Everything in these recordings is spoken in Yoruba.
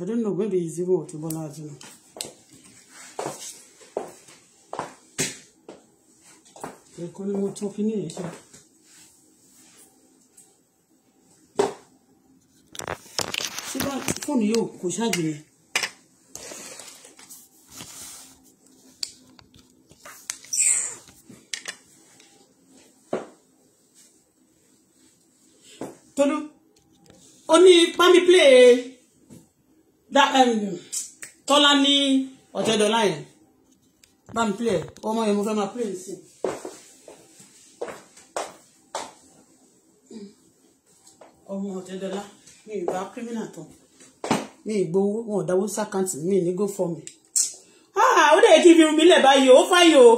I don't know, maybe it's easy Auto Bola Arjuna. Èkó ni mo tún fi ní ìṣe. Ṣé bá fóònù yóò kò ṣáàjì Um, tọ́lá ní ọ̀tẹ́dọ́lá yẹn bá mi play ọmọ yẹn mo fẹ́ máa play sí i. ọmọ ọ̀tẹ́dọ́lá mi ìgbà kírímìnà tán mi ìgbowó wọn ò dáwó sàkáǹtì mi ní go for me. Ah, ó dẹ̀ kí ibi mi lẹ̀ báyìí ó fáyìí o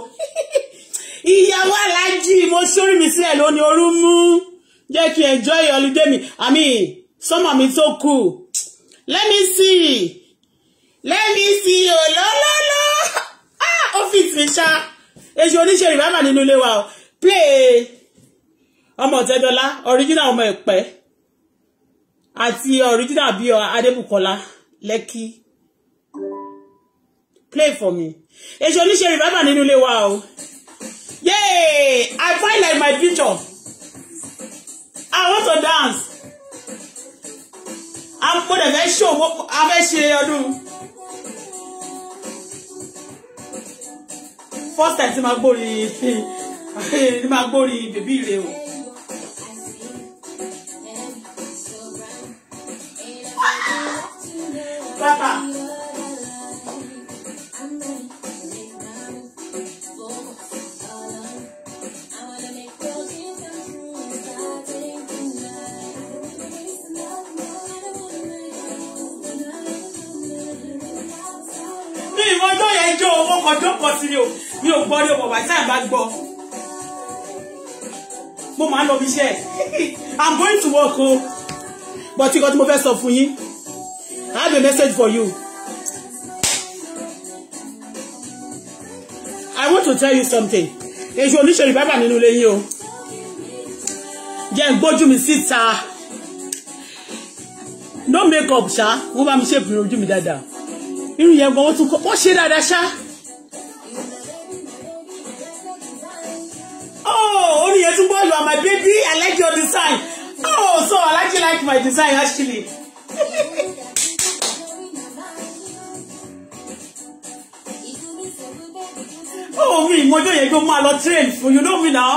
ìyàwó aláàjì mo sórí mi sílẹ̀ lónìí orú mú jẹ́ kí enjoy holiday mi àmì sọ́mọ̀ mi tó kù. Cool let me see let me see o oh, lo, ah ọ́fíìsì mi ṣá èsì oníṣẹ́ rìbámà nínú ilé wa o play ọmọ ọ̀tẹ́dọ́lá original ọmọ ẹ̀pẹ́ àti original bíi adébùkọ́lá lẹ́kì play for me èsì oníṣẹ́ rìbámà nínú ilé wa o yay i find like my picture i want to dance agbódẹ̀ fẹ́ ṣòwò afẹ́ ṣe ọdún first time tí máa gbórí tí máa gbórí bèbí rẹ o. Bàbá. ẹjọ́ owó kan jókòó sí ni o mi ò gbọ́ ní o bàbá ìsáyà bá gbọ́ mo máa ń lọ bí iṣẹ́ i'm going to work o but nǹkan tí mo fẹ́ sọ fún yín i have a message for you i want to tell you something èso oníṣòrí bábà nínú ilé yín o jẹ́ n gbójú mi síta no make up ṣá wọ́n bá mi ṣe ìpinnu ojú mi dáadáa irú yẹn gan wọ́n tún kọ́ wọ́n ṣe dáadáa ṣá. oh orí yẹn tún bọ́ọ̀lù my baby I like your design oh so I like you like my design actually. oh mi ìmọ̀jọ́ yẹn gbọ́ máa lọ train for you know me now.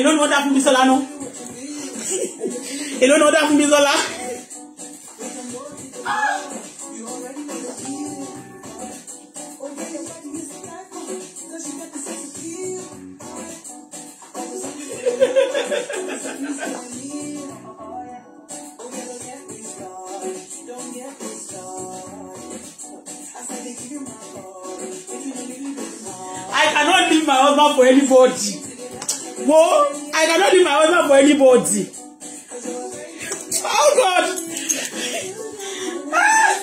èló ni wọ́n dá fún Bísọ́lá náà èló ni wọ́n dá fún Bísọ́lá. I cannot leave my husband for anybody. Wo, I cannot leave my husband for anybody. Oh God! Ah!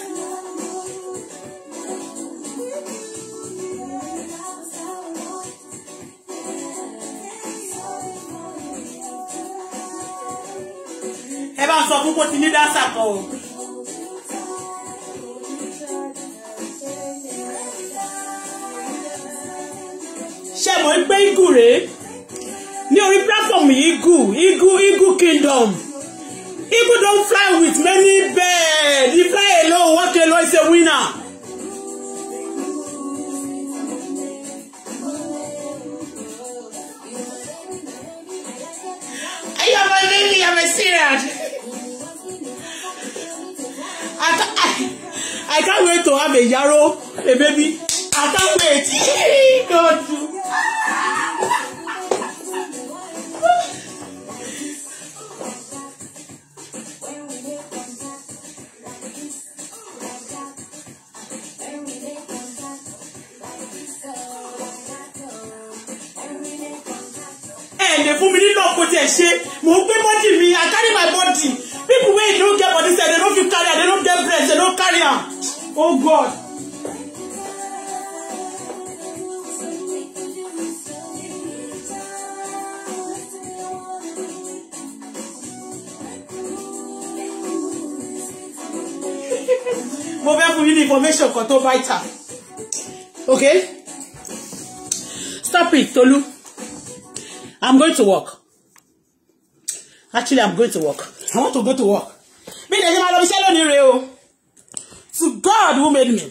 ẹ bá sọ fún kó ti ní dáńsà kan o. ṣé mo ń gbé igù rèé ní orí platform eagle eagle eagle kingdom eagle don fly with many birds he fly alone walk alone is a winner. I am a lady, I am a serious. I can't, I, I can't wait to have a yarrow, a baby. I can't wait. God. Tolu, I'm going to work. Actually, I'm going to work. I want to go to work. Mi dẹ̀ ṣe máa lọ iṣẹ́ lónìí rè o. To God who made me.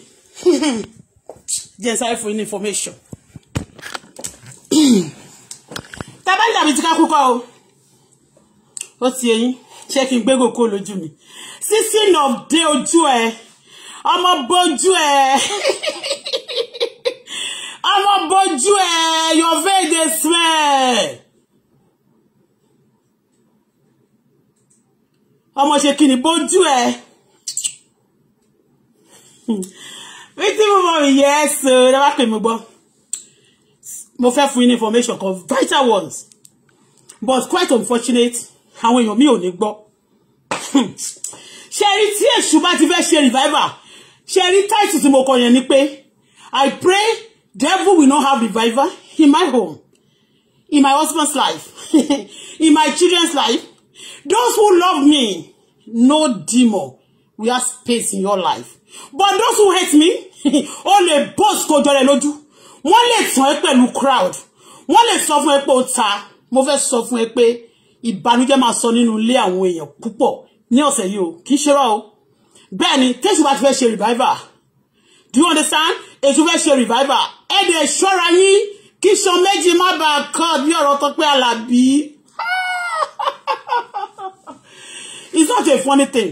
Jẹ́ sáré for yín ní information. Tábàlì tàbí ti ká kúkọ o. Ó ti eyín. Ṣé kí n gbé gòkó lójú mi? Sísìn ọ̀dẹ́ ojú ẹ̀. Ọmọ bojú ẹ̀. wọ́n bojú ẹ̀ your vein dey smell. ọmọ ṣe kí ni bojú ẹ̀. wetin mo mọ ìyẹ́ ẹ̀sìn ẹ̀ dábàá pè mí mo fẹ́ fún yín ní information kan vital ones but quite unfortunate àwọn èèyàn mi ò ní gbọ́ ṣe rí tí èṣù bá ti fẹ́ ṣe revival ṣe rí táìtì tí mo kọ yẹn ni pé i pray Devil will not have revival in my home, in my husband's life, in my children's life. Those who love me, no demon will have space in your life. But those who hate me, ó lè boss kó the lójú. Wọ́n lè tàn ẹ́ the crowd. one lè sọ fún the pé ó ta. Mo fẹ́ sọ fún ẹ pé ìbànújẹ́ máa sọ nínú ilé àwọn èèyàn púpọ̀ o. Kì í ṣe rọ́ o. Bẹ́ẹ̀ ni, tẹ́sí bá ti fẹ́ ṣe revival. Do you understand? èṣù fẹ́ ṣe revival ẹ dẹ̀ ṣọ́ra yín kí ṣan méjì má bàa kọ́ bí ọ̀rọ̀ Tọ́pẹ́ Àlàbí it's not a funny thing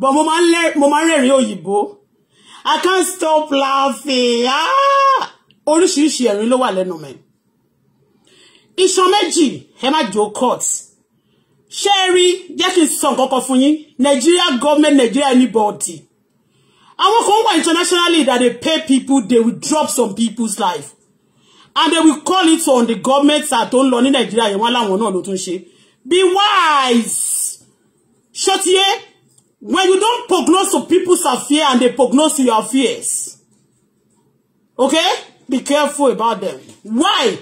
but mo máa ń rẹ́rìn òyìnbó I can't stop laughing ah! oríṣiríṣi ẹ̀rín ló wà lẹ́nu mi iṣan méjì ẹ má jò court ṣé ẹ rí jẹ́ kí n sọ nǹkan kan fún yín Nigeria government Nigeria anybody àwọn kan wà internationally that they pay people they will drop some people's life and they will call it on the government side tó ń lọ ní nàìjíríà yẹn wọn láwọn náà ló tún ṣe be wise ṣọtiyé when you don prognose to people's affair and they prognose to your affairs okay be careful about them why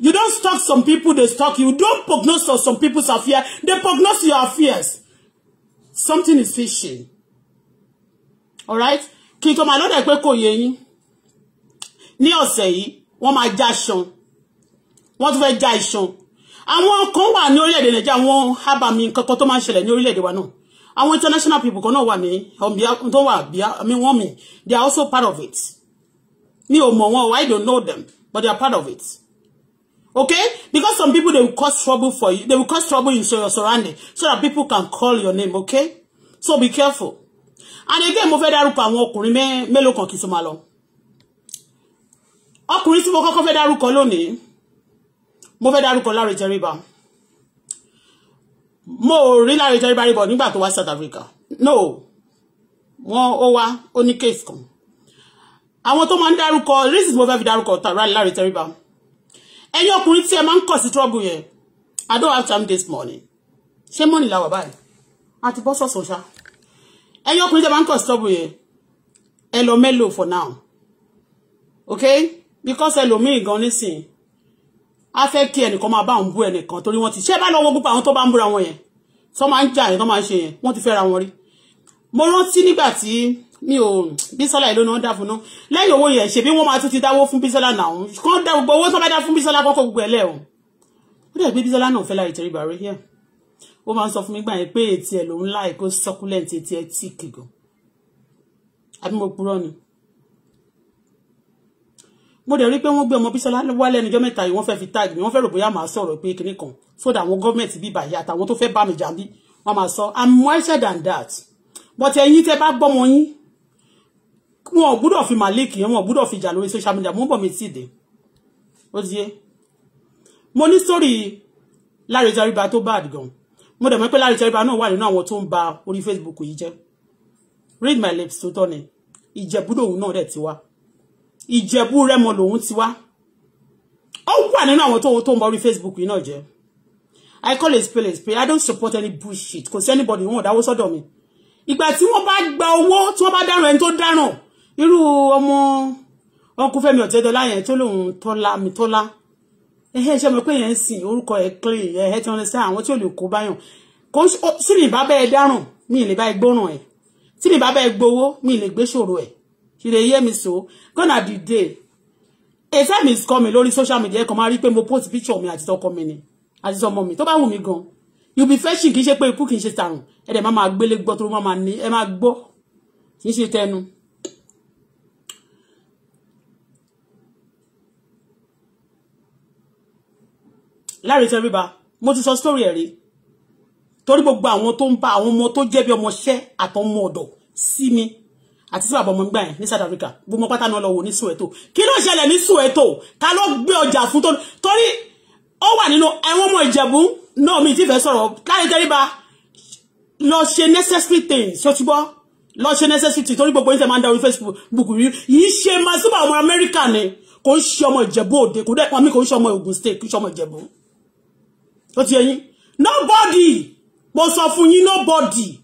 you don stalk some people they stalk you don prognose to some people's affair they prognose to your affairs something is fishy alright kí n tó máa lọ́dọ̀ pé kò yẹ yín ní ọ̀sẹ̀ yìí wọ́n máa já iṣan wọ́n tún fẹ́ já iṣan àwọn kan wà ní orílẹ̀-èdè nàìjíríà àwọn abàmì kankan tó máa ń ṣẹlẹ̀ ní orílẹ̀-èdè wa náà àwọn international people kan náà wà ní um, tó wà bí i wọ́n mi they are also part of it mi ò mọ̀ wọn o i don't know them but they are part of it okay because some people they will cause trouble for you they will cause trouble in your surrounding so that people can call your name okay so be careful and again mo fẹ́ dárúkọ àwọn ọkùnrin mélòó kan kì í tó máa lọ ọkùnrin tí mo kọ́kọ́ fẹ́ dárúkọ lónìí mo fẹ́ dárúkọ Láre Tẹríba mo rí Láre Tẹríba rí bọ̀ nígbà tó wá South Africa no wọn ó wá ó ní case kan àwọn tó máa ń dárúkọ reasons mo fẹ́ fi dárúkọ Láre Tẹríba ẹ̀yin ọkùnrin tí ẹ máa ń kọ̀ sí trouble yẹn I don't have time this morning ṣé mọ́nì làwà báyìí àti bọ́ sọ̀sọ̀ ṣáà ẹ̀yin ọkùnrin tẹ́ bá ń kọ̀ stọ́ọ̀bù yẹn ẹ for now okay because ẹlòmíì gan nísìnyí a fẹ́ kí ẹnìkan máa bá òun bú ẹnìkan torí wọ́n ti ṣé bá lọ́wọ́ gbogbo àwọn tó bá ń búra wọn yẹn tó máa ń jà yẹn tó máa ń ṣe yẹn wọ́n ti fẹ́ ra wọn rí mo rántí nígbà tí mi ò bísọ́lá ìlú náà dá fún náà lẹ́yìn owó yẹn ṣe bí wọ́n máa tún ti dáwó fún bísọ́lá náà kán dá gbogbo owó tó bá dá fún bísọ́lá kọ́kọ́ gbogbo ẹ̀ lẹ́hìn ó dẹ̀ gbé bísọ́lá náà fẹ́ láì tẹríba rẹ̀ yẹn ó máa ń sọ fún mi gbà yẹn pé ètí ẹ̀ lòún láì kó succulent ètí ẹ̀ tíìkì gan àbí mo purọ́ ni mo dẹ̀ rí pé wọ́n gbé ọmọ bísọ́lá wá lẹ́nujọ́ mẹ́ta yìí wọ́n fẹ́ fi tag mi wọ́n fẹ́ rò bóyá màá sọ̀rọ̀ pé kinní kan so that àwọn gọ́ọ̀mẹ̀ntì bíbà yìí àtàwọn tó fẹ́ bá mi jà ń bí wọ́n máa sọ i'm wiser than that but ẹ̀yin tẹ́ bá gbọ́mọ yín wọn ò gbúdọ̀ fi malik yẹn wọn ò gbúdọ̀ fi jà lórí social media mo ń bọ̀ mi tì dé ó ti yé mo ní sórí Lánrè Tariba tó bad gan mo dẹ̀ mọ̀ pé Lánrè Tẹríba náà wà nínú àwọn tó ń ba orí Facebook yìí jẹ́ read my lips tó tọ́ ni ìjẹ̀bú lòun náà dẹ̀ ti wá ìjẹ̀bú rẹ́mọ lòun ti wá ó wà nínú àwọn tó tó ń ba orí Facebook yìí náà jẹ́ I call a spade a spade I don't support any bullshit kò sí anybody wọn ò dáwọ́ sọ́dọ̀ mi ìgbà tí wọ́n bá gba owó tí wọ́n bá dáràn ẹni tó dáràn irú ọmọ ọkùnfẹ́mi ọ̀tẹ́dọ́lá yẹn tó lòun tọ́lá mi tọ́lá ẹ̀hẹ́ ṣe mọ̀ pé yẹn ń sìn orúkọ ẹ̀ clay ẹ̀hẹ́ tí wọ́n lè sẹ́ àwọn tí ò lè kó báyàn kò sí mi bá bẹ́ẹ̀ dáràn mi lè bá ẹ gbóràn ẹ̀ tí mi bá bẹ́ẹ̀ gbowó mi lè gbé ṣòro ẹ̀ ṣì lè yé mi so gonna be day a time is coming lórí social media ẹ̀kan máa rí pé mo post picture mi àti tọkọ mi ni àti tọmọ mi tó bá wù mí gan you be fetching kì í ṣe pé ikú kì í ṣe tàrùn ẹ̀ dẹ̀ máa máa gbélé gbọ́ tó máa ní ẹ máa gbọ́ kì í ṣe tẹnu láre tẹríba mo ti sọ story ẹ̀ rí torí gbogbo àwọn tó ń bá àwọn ọmọ tó jẹ́ bí ọmọṣẹ́ àtọmọ ọ̀dọ̀ sí mi àti sí àbọ̀mọ̀ gbà yẹn ní South Africa gbogbo pátá náà lọ wò ní Soweto kí ló ṣẹlẹ̀ ní Soweto ta ló gbé ọjà fún tó torí ó wà nínú ẹ̀wọ̀n ọmọ Ìjẹ̀bú náà mi ti fẹ́ sọ̀rọ̀ láre tẹríba lọ ṣe necessary things ṣọtúbọ́ lọ ṣe necessary things torí gbogbo yín tẹ̀ máa Facebook rí yìí ṣe máa súbà ọmọ Amẹ́ríkà ni kò ń ṣe ọmọ Ìjẹ̀bú Òde kò dẹ́ pàmí kò ń ṣe ọmọ Ògùn State kò ń ṣe ọmọ Ìjẹ̀bú ó ti yé nobody mo so fún yín nobody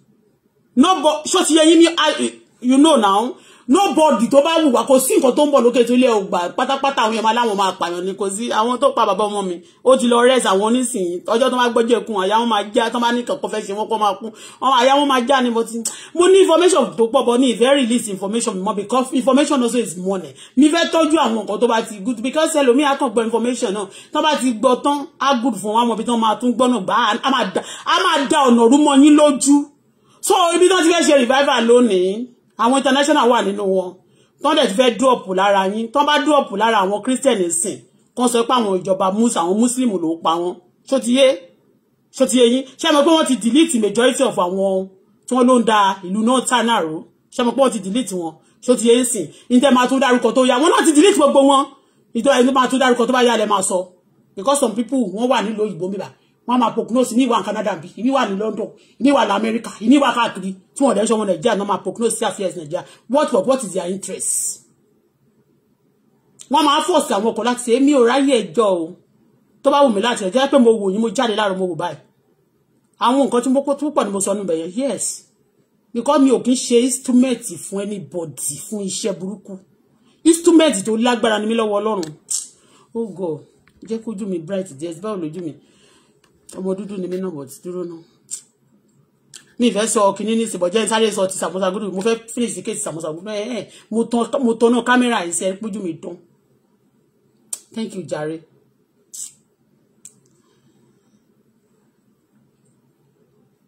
nobody ṣó ti yé yín you know now nobody tó bá wù wá kò sí nǹkan tó ń bọ̀ lókè tó lé ọgbà pátápátá àwọn yẹn máa láwọn máa pààyàn ni kò sí àwọn tó pa bàbá ọmọ mi ó ti lọ rẹ́ẹ̀sì àwọn onísìnyí ọjọ́ tó máa gbọ́jọ́ ẹkùn àyà wọn máa já tó máa ní kankan fẹ́ ṣe wọ́n kọ́ máa kú àyà wọn máa já ni mo ti mo ní information tó pọ̀ bọ́ ní ìfẹ́ release information mọ́ because information also is money mi fẹ́ tọ́jú àwọn nǹkan tó bá ti good because ẹlòmíì á kàn gbọ́ information náà tó bá ti gbọ́ tán á good fún wọn mọ̀ bí tán máa tún gbọ́nà gbà á máa da ọ̀nà rúmọ yín lójú so ibi tán ti fẹ́ ṣe àwọn international wà nínú wọn tọ́n dẹ̀ ti fẹ́ dúọ̀pù lára yín tọ́n bá dúọ̀pù lára àwọn christian sìn kan sọ pé àwọn ìjọba mus àwọn muslim ló pa wọn ṣó ti yé ṣó ti yé yín ṣé mọ̀ pé wọ́n ti delete majority of àwọn tí wọ́n ló ń da ìlú náà tánà ró ṣé mọ̀ pé wọ́n ti delete wọn ṣó ti yé ń sìn níta máa tún dárúkọ tó yá wọn láti delete gbogbo wọn ìjọba ẹni máa tún dárúkọ tó bá yá lẹ máa sọ because some people wọ́n wà nílùú òyìnbó mi wọ́n máa pòkúnọ́sì ìmí wà ní Canada bí ìmí wà ní London ìmí wà ní America ìmí wà káàkiri tí wọ́n dẹ́sọ́ ọmọ Nàìjíríà náà máa pòkúnọ́sì affairs Nàìjíríà what for what is their interest. wọ́n máa fọ́ọ̀sì àwọn ọkọ̀ láti ṣe é mi ò ráyè ẹjọ́ o tó bá wù mí láti ẹjọ́ pé mo wò yín mo jáde láàárọ̀ mo wò báyìí àwọn nǹkan tí mo kó tó pọ̀ ni mo sọ nù bẹ̀yẹn yes because mi ò kí ń ṣe instrument fún anybody fún iṣẹ́ burúkú instrument tó lágbára ni mí lọ́wọ́ Ọlọ́run oh God jẹ́ kójú mi bright díẹ̀ báwo lójú mi ọmọ dúdú ni mí náà bọ̀ ti dúró náà mi fẹ́ sọ kìíní ní ìsìnbọ̀ sáré sọ ti sàmúsà gúdù mo fẹ́ finish kéèsì sàmúsà gúdù ẹ̀ mo tọ́nà kámẹ́rà eh, yìí sẹ́ pójú mi dán thank you jare.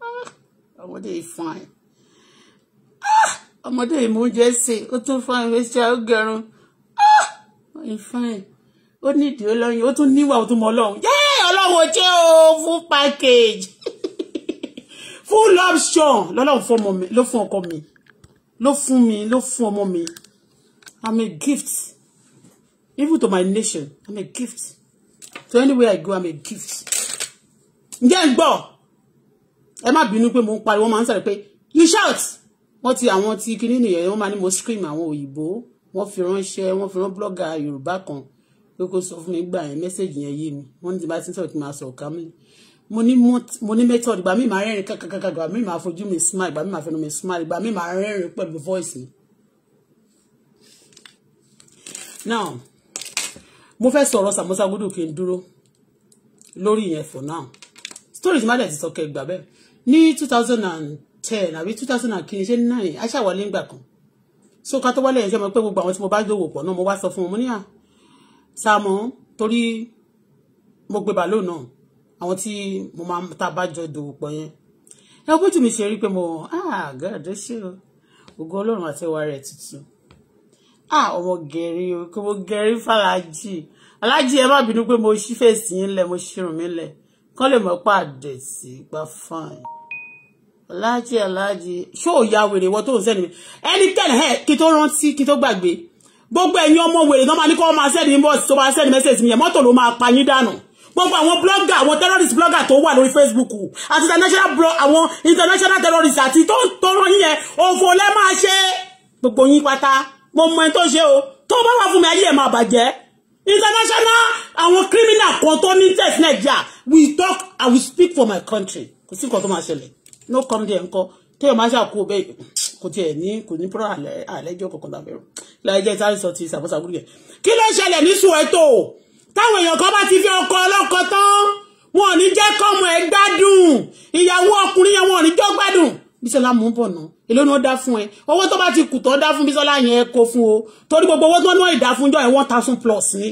Ah, ọmọdé yìí fine ah, ọmọdé yìí mú oúnjẹ sè ó tún fine fẹsẹ̀ ó gẹrun ah, ó fine ó nídìí ó lọ́yìn ó tún níwà ó tún mọ ọlọ́run yẹ́ ọlọ́run jẹ́ o full package full option lọ́lọ́run fún ọmọ mi ló fún ọkọ mi ló fún mi ló fún ọmọ mi i'm a gift even to my nation i'm a gift to anywhere i go i'm a gift ǹjẹ́ ń gbọ́ ẹ má bínú pé mo ń pariwo máa ń sọ̀rọ̀ pé you shout wọ́n ti àwọn ti kinní nìyẹn wọ́n máa ní mo scream àwọn òyìnbó wọ́n fi ránṣẹ́ wọ́n fi rán blogger yorùbá kan pé kó sọ fún mi gbà yẹn mẹ́sẹ̀gì yẹn yé mi wọ́n ní ti bá ti ń sọ̀rọ̀ kí n máa sọ̀rọ̀ kámílì mo ní method ìgbà míì máa rẹ́rìn kàkàkàkà ìgbà míì máa fojú mi smile ìgbà míì máa fẹnu mi smile ìgbà míì máa rẹ́rìn pẹ̀lú voice mi. now mo fẹ́ sọ̀rọ̀ samosa gbọ́dọ̀ kí n dúró lórí yẹn for now stories má dẹ̀ ti sọ kẹgbà bẹ́ẹ̀ ní two thousand and ten àbí two thousand and kìíní ṣe nine aṣáwọlé ńgbà kan so ká tó wálé yẹn ṣe mọ pé gbogbo àwọn tí mo bá dòwò pọ̀ náà mo wá sọ fún wọn mo ní à sáàmù torí mo gbé bàálù náà àwọn tí mo máa ń ta bá jọ dòwò pọ̀ yẹn ẹ bójú mi ṣe rí pé mo ah god ṣé o ògo ọlọ́run àti ẹwà rẹ̀ tuntun ah ọmọ gẹ̀rí o kí mo gẹ̀rí fàlájì alájì ẹ má bínú pé mo ṣí fèsì yín lẹ mo ṣírun mi lẹ kán lè mọ pàdé sí gba fine alájì alájì ṣó ò ya wèrè wọ tó ń sẹ́ni mi ẹnikẹ́ni ẹ kí tó rántí kí tó gbàgbé gbogbo ẹ̀yin ọmọ wèrè náà máa ní kọ́ máa send inbox tó máa send message mi yẹn mọ́tò ló máa pa yín dànù gbogbo àwọn blogger àwọn terrorist blogger tó wà lórí facebook àti international blog àwọn international terrorist àti tó tó rán yín yẹn òfò lẹ́ máa ṣe gbogbo yín pátá mo mọ ẹni tó ṣe o tó bá wà fún mi ayé ẹ̀ máa bàjẹ́ international àwọn criminal kan tó ní test nàìjíríà we talk i will speak for my country kò sí nǹkan tó máa ṣẹlẹ̀ no come there nǹkan téèyàn máa ṣàkóso bẹ́ẹ̀ kò tiẹ̀ ní kò ní púrọ̀ àlẹ́jọ́ kankan tàbí rò láìjẹ́ sáré sọ ti ṣàbọ̀ṣàbúrò yẹn kí ló ṣẹlẹ̀ ní Soweto táwọn èèyàn kan bá ti fi ọkọ ọlọ́kọ tán wọn ò ní jẹ́ kọ́mọ ẹ̀ gbádùn ìyàwó ọkùnrin yẹn wọn ò ní jọ́ gbádùn Bísọ́lá mú bọ̀ náà èló ni wọ́n dá fún ẹ owó tó bá ti kù tó dá fún Bísọ́lá yẹn kó fún o torí gbogbo owó tó náà ìdá fúnjọ ẹ̀ one thousand plus ni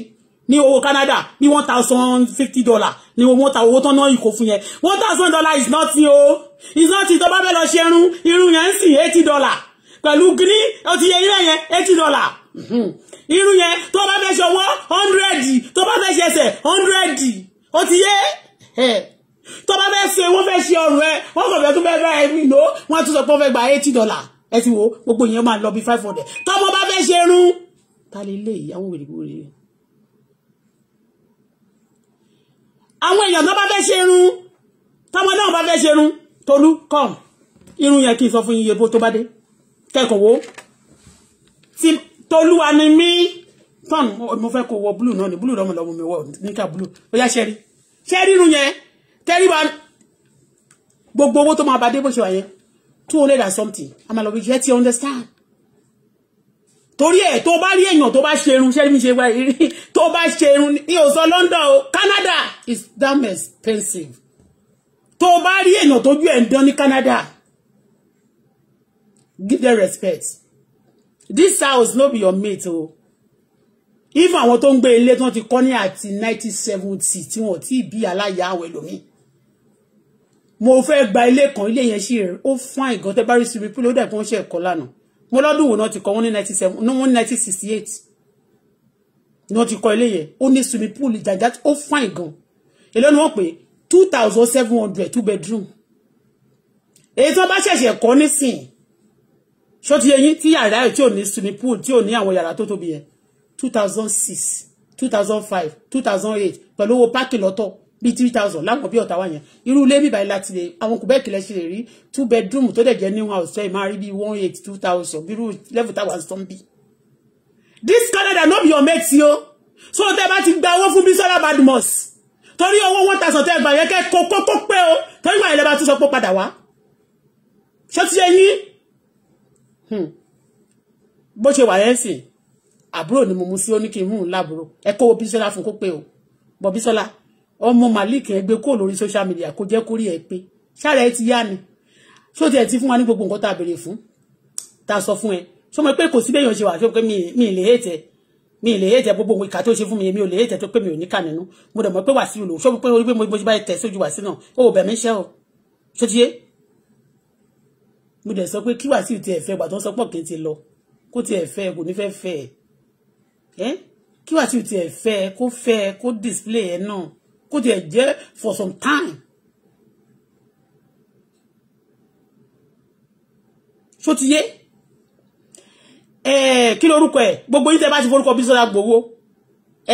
Ni owó Canada ni one thousand fifty dollar ni owó ta owó tán náà ìkó fún yẹn one thousand dollar is not o is not tó bá bẹ́ẹ̀ lọ ṣe irun irun yẹn ń sìn eighty dollar pẹ̀lú gírí ó ti yẹ irú yẹn eighty dollar irun yẹn tó bá fẹ́ ṣe ọwọ́ hundred tó bá fẹ́ ṣe ẹsẹ̀ hundred ó ti yẹ tó bá fẹ́ ṣe wọ́n fẹ́ ṣe ọrùn ẹ wọ́n kàn fẹ́ tún fẹ́ fẹ́ ẹ̀mí ìnáwó wọ́n tún sọ pé wọ́n fẹ́ gba eighty dollar ẹ ti wo gbogbo ìyẹn máa lọ bí five hundred tọ́mọ bá fẹ́ ṣe irun ta lè lè àwọn wèrè àwọn èèyàn náà bá fẹ́ ṣe irun tọmọ náà bá fẹ́ ṣe irun tolú kọ́ irun yẹn kí n sọ fún yín yebo tó bá dé kẹ́kọ̀ọ́ wo ti tolúwa ni mí fún mo fẹ́ kó wọ blue náà ni blue lọ́mọ lọ́mọ mi wọ níkà blue ó yá ṣẹ́rí ṣẹ́rí irun yẹn tẹ́rí bá gbogbo owó tó máa bá dé bó ṣe wà yẹn two hundred and something àmàlọ́bí yẹn ti understand torí ẹ̀ tó bá rí èèyàn tó bá ṣe irun ṣé mi ṣe wá irí tó bá ṣe irun ní òsọ London o Canada is damn expensive tó bá rí èèyàn tójú ẹ̀ ń dán ní Canada give them respect this house no be your mate o if àwọn tó ń gbé ilé tí wọ́n ti kọ́ ní àti nineteen seventy tí wọ́n ti bí aláya àwọn ẹlòmíì mo fẹ́ gba ilé kan ilé yẹn ṣì ó fún àìgàn tẹ́ bá rí sí mi pé dẹ̀ kó ń ṣe ẹ̀kọ́ lánàá mo lọ́dún wo náà ti kọ́ wọ́n ní nineteen seven wọ́n ní nineteen sixty eight ni wọ́n ti kọ́ ilé yẹn ó ní swimming pool jàjà ó fine gan èló ni wọ́n pè two thousand seven hundred two bedroom èyí tí wọ́n bá ṣẹ̀ṣẹ̀ kọ́ nísìn ṣó ti yẹyin tí yàrá ẹ̀ tí ò ní swimming pool tí ò ní àwọn yàrá tó tóbi yẹn two thousand six two thousand five two thousand eight pẹ̀lú owó páàkì lọ́tọ̀ bíi three thousand láwọn bí ọ̀tá wà yẹn irú ilé bíbá yìí láti lè àwọn kò bẹ́ẹ̀ kìlẹ̀ ṣe lè rí two bedroom tó dẹ̀ jẹ́ new house fẹ́ẹ́ máa rí bíi one eight two thousand bírú level táwa sọ ń bí. this Canada no be your mate o so tẹ́ bá ti gba owó fún Bísọ́lá Badmus torí owó one thousand tẹ́ gbà yẹn kẹ́ kókó kó pé o torí wà ilẹ̀ bá tún sọ pé padà wá ṣé ti ṣe yín hmm. bó ṣe wà yẹn sìn àbúrò ni mo mú sí ó ní kí n mú un láàbúrò ẹ kó Bísọ́lá fún kó pé o bọ̀ Bísọ́lá ọmọ malik yẹn gbé kúrò lórí social media kó jẹ́ kórìí ẹ̀ pé ṣáà rẹ̀ ti yá ni ṣó tiẹ̀ ti fún wa ní gbogbo nǹkan tá a béèrè fún tá a sọ fún ẹ ṣó mọ̀ pé kò sí bẹ́ẹ̀ yàn ṣe wà ṣó pé mi lè hé tẹ mi lè hé tẹ gbogbo ìka tó ṣe fún mi mi ò lè hé tẹ tó pé mi ò ní kà nínú mo dẹ̀ mọ̀ pé wàásù lò ṣó pé orí pé mo bá tẹ̀ sójú wàásù náà ó ò bẹ̀ mí ṣẹ́ o ṣó ti yé mo dẹ̀ sọ pé kí wàásù tiẹ̀ fẹ́ gbà tó ń sọ pọ̀ kí n ti lọ kó tiẹ̀ fẹ́ kò ní fẹ́ fẹ́ ẹ kí wàásù tiẹ̀ fẹ́ kó fẹ́ kó display ẹ náà kó tiẹ̀ jẹ́ for some time. ṣó ti yé kí lorúkọ ẹ gbogbo yín tẹ bá ti forúkọ Bísọ́lá Gbowó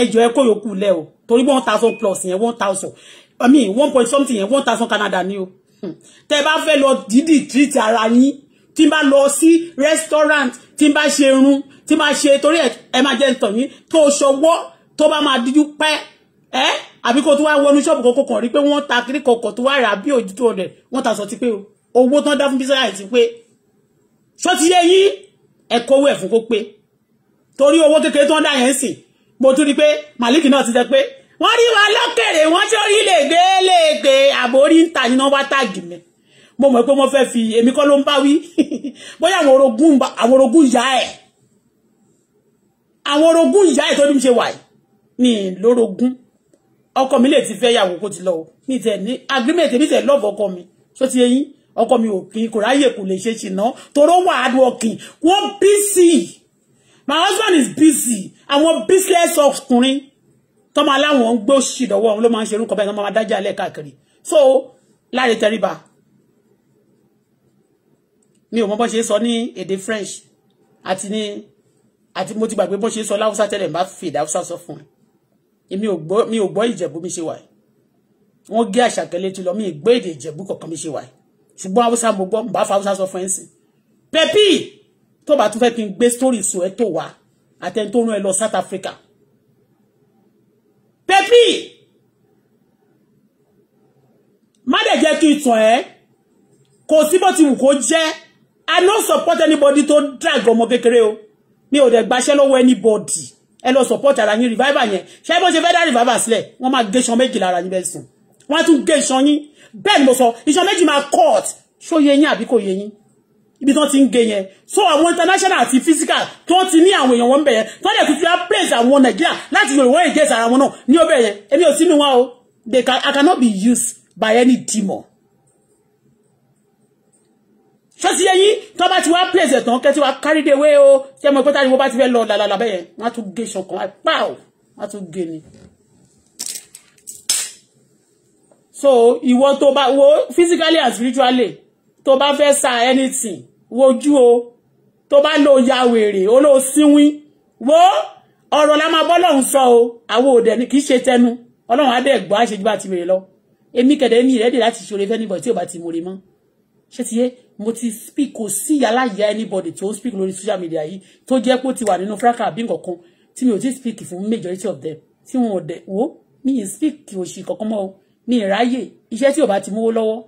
ẹjọ ẹ kó yòókù lẹ o torí one thousand plus yẹn one thousand i mean one point something yẹn one thousand Canada ni o hmm. tẹ bá fẹ́ lọ dídì treat ara yín tí n bá lọ sí restaurant tí n bá ṣe irun tí n bá ṣe torí ẹ máa jẹ ìtàn yín tó ṣọwọ́ tó bá máa díjú pẹ́ ẹ́ àbí kó tún wá wọnú ṣọ́ọ̀bù kókó kan rí pé wọ́n ta kiri kọ̀ọ̀kan tó wá rà bí òjì tó rẹ̀ wọ́n ta sọ ti pé owó tán dá fún bísíà àti pé ṣó ti yé yín ẹ̀kọ́ owó ẹ̀ fún kó pé torí owó kékeré tó ń dá yẹn sìn mo tún rí pé màlíkì náà ti sẹ pé wọ́n rí wa lọ́kẹ̀rẹ̀ wọ́n tí orí lè gbé lè gbé àbórí ń ta nínú wá táàgì mi mo mọ̀ pé mo fẹ́ fi èmi kọ́ ló ń bá wí bóyá àwọn orogún àwọn orogún ìyá ẹ̀ àwọn orogún ìyá ẹ̀ tó ní ṣe wà ní lórogún ọkọ mi lè ti fẹ́ yàwó kó ti lọ o ní tẹ̀ ní agreement èmi tẹ̀ lọ́ọ̀fù ọkọ mi tó ti eyín ọkọ mi ò kí kò ráyè kò lè ṣe ṣìnà toró wà á dùn ọkìn wọ́n busy my husband is busy àwọn business ọkùnrin tọ́mọ aláwọ̀ ń gbó ṣì lọ́wọ́ òun ló máa ń ṣe irú kọ́bẹ́ tó máa dájà káàkiri so láre tẹríba mi ò mọ bó ṣe sọ ní èdè French àti ní àti mo ti gbàgbé bó ṣe sọ láwùsá tẹ́lẹ̀ bá fi èdè sọ fún un èmi ò gbọ́ mi ò gbọ́ ìjẹ̀bú mi ṣe wà yìí wọ́n gé àṣàkẹ́ létí mi ì gbọ́ èdè ìjẹ̀bú mi ṣe wà yìí ṣùgbọ́n mo gbọ́ mbà fa haúsá sọ fún ẹ ń sìn pẹ́pì tó bá tún fẹ́ story sùn ẹ tó wà àtẹni tó rán ẹ lọ South Africa pẹ́pì ma dẹ̀ jẹ́ kí n tàn ẹ́ kò sí ti wù kó jẹ́ I no support anybody to drag ọmọ kékeré o mi ò dẹ̀ gbaṣẹ́ lọ́wọ́ anybody ẹ lọ support ara yín revival yẹn ṣé bó ṣe fẹ́ revival sílẹ̀ wọ́n máa gé iṣan méjì lára yín bẹ́ẹ̀ sìn wọ́n á tún gé iṣan yín bẹ́ẹ̀ ni mo sọ iṣan méjì máa cut ṣó yẹ yín àbí kò yẹ yín ibi tó ti ń gé yẹn so àwọn international àti physical tó ti ní àwọn èèyàn wọn bẹ̀ yẹn tó dẹ̀ tuntun á place àwọn nàìjíríà láti yorùbá èdè ìsara wọn náà ní ó yẹn èmi ò sínú wọn o they can I cannot be used by any demon ṣó ti yẹ yín tó bá ti wá place ẹ̀tàn kẹ́ ti wá carry the way o tí ẹ mọ̀ pé táyì wọ́n bá ti fẹ́ lọ làlàlà bẹ́ẹ̀ yẹn wọ́n á tún gé ṣọ̀kan apá o wọ́n á tún gé ni. so ìwọ tó bá wo physically and spiritually tó bá fẹ́ sa anything wojú o tó bá lò ya wèrè ó lò síwín wo ọ̀rọ̀ la máa bọ́lọ́run sọ o àwọn òde ni kì í ṣe tẹnu ọlọ́run á dẹ̀ gbọ́ àṣejù bá ti wèrè lọ èmi kẹ̀dẹ̀ mi rẹ̀ láti ṣòro mo ti speak kò sí aláya anybody tó speak lórí social media yìí tó jẹ́ pé ó ti wà nínú fraka àbí nǹkankan tí mi ò ti speak fún majority of them tí wọn ò dẹ̀ wo mi ì speak òṣì kankan mọ́ o mi ì ráyè iṣẹ́ tí ò bá ti mówó lọ́wọ́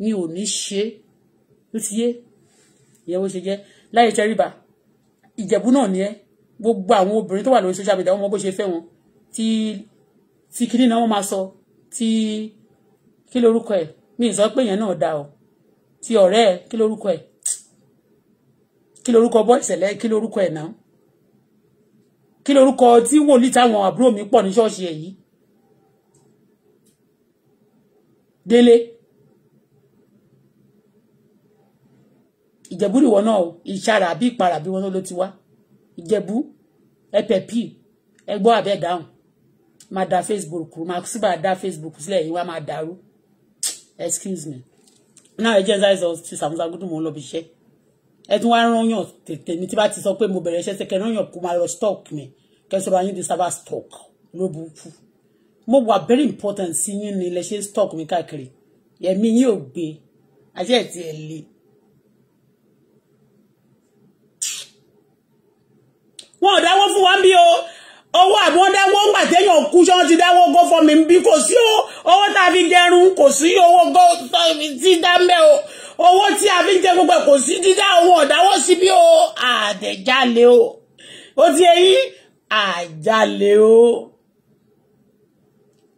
mi ò ní ṣe ló ti yé ìyẹn bó ṣe jẹ́ láyé tẹríba ìjẹ̀bú náà ni ẹ́ gbogbo àwọn obìnrin tó wà lórí social media wọn mọ bó ṣe fẹ́ wọn tí tí kinní náà wọ́n máa sọ tí kí lorúkọ ẹ̀ mi ì sọ pé ìyẹn náà o ti ọ̀rẹ́ ẹ̀ kí lorúkọ ẹ̀ kí lorúkọ bọ́ìsẹ̀lẹ̀ kí lorúkọ ẹ̀ náà kí lorúkọ tí wòlíì táwọn àbúrò mi pọ̀ ní ṣọ́ọ̀ṣì ẹ̀ yìí délé ìjẹ̀bú nìwọ náà o ìṣara àbí ìpara àbí wọn ló ti wá ìjẹ̀bú ẹpẹ̀pì ẹgbọ́n àbẹ́ dáhùn máa da facebook máa síbà da facebook sílẹ̀ yìí wá máa dàrú excuse me na ẹjẹ ẹsẹ àìsàn ti sàmúsà gúdùn mò ń lọ bí iṣẹ́ ẹ tún wá rányàn tètè ní tí ti sọ pé mo bẹ̀rẹ̀ iṣẹ́ sẹkẹ rányàn kó máa lọ stock mi kẹsọrọ ayé di sábà stock ló burúkú mo wa very important sí yín ni ilẹ̀ ṣe stock mi káàkiri ẹ̀mí yín ò gbé ajẹ́ ẹ̀ tí ẹ le wọn ò dáwọ́ fún wa ń o owó àbí wọ́n dáwọ́ ń gbà téèyàn kú ṣé wọ́n ti dáwọ́ gó fún mi bí kò sí owó tá a fi jẹrun kò sí owó gó ti dá mẹ́ o owó tí a fi ń jẹ gbogbo kò sí dídá owó ọ̀dáwọ́ sí bí o àdẹ̀jálẹ̀ o ó ti eyín àjálẹ̀ o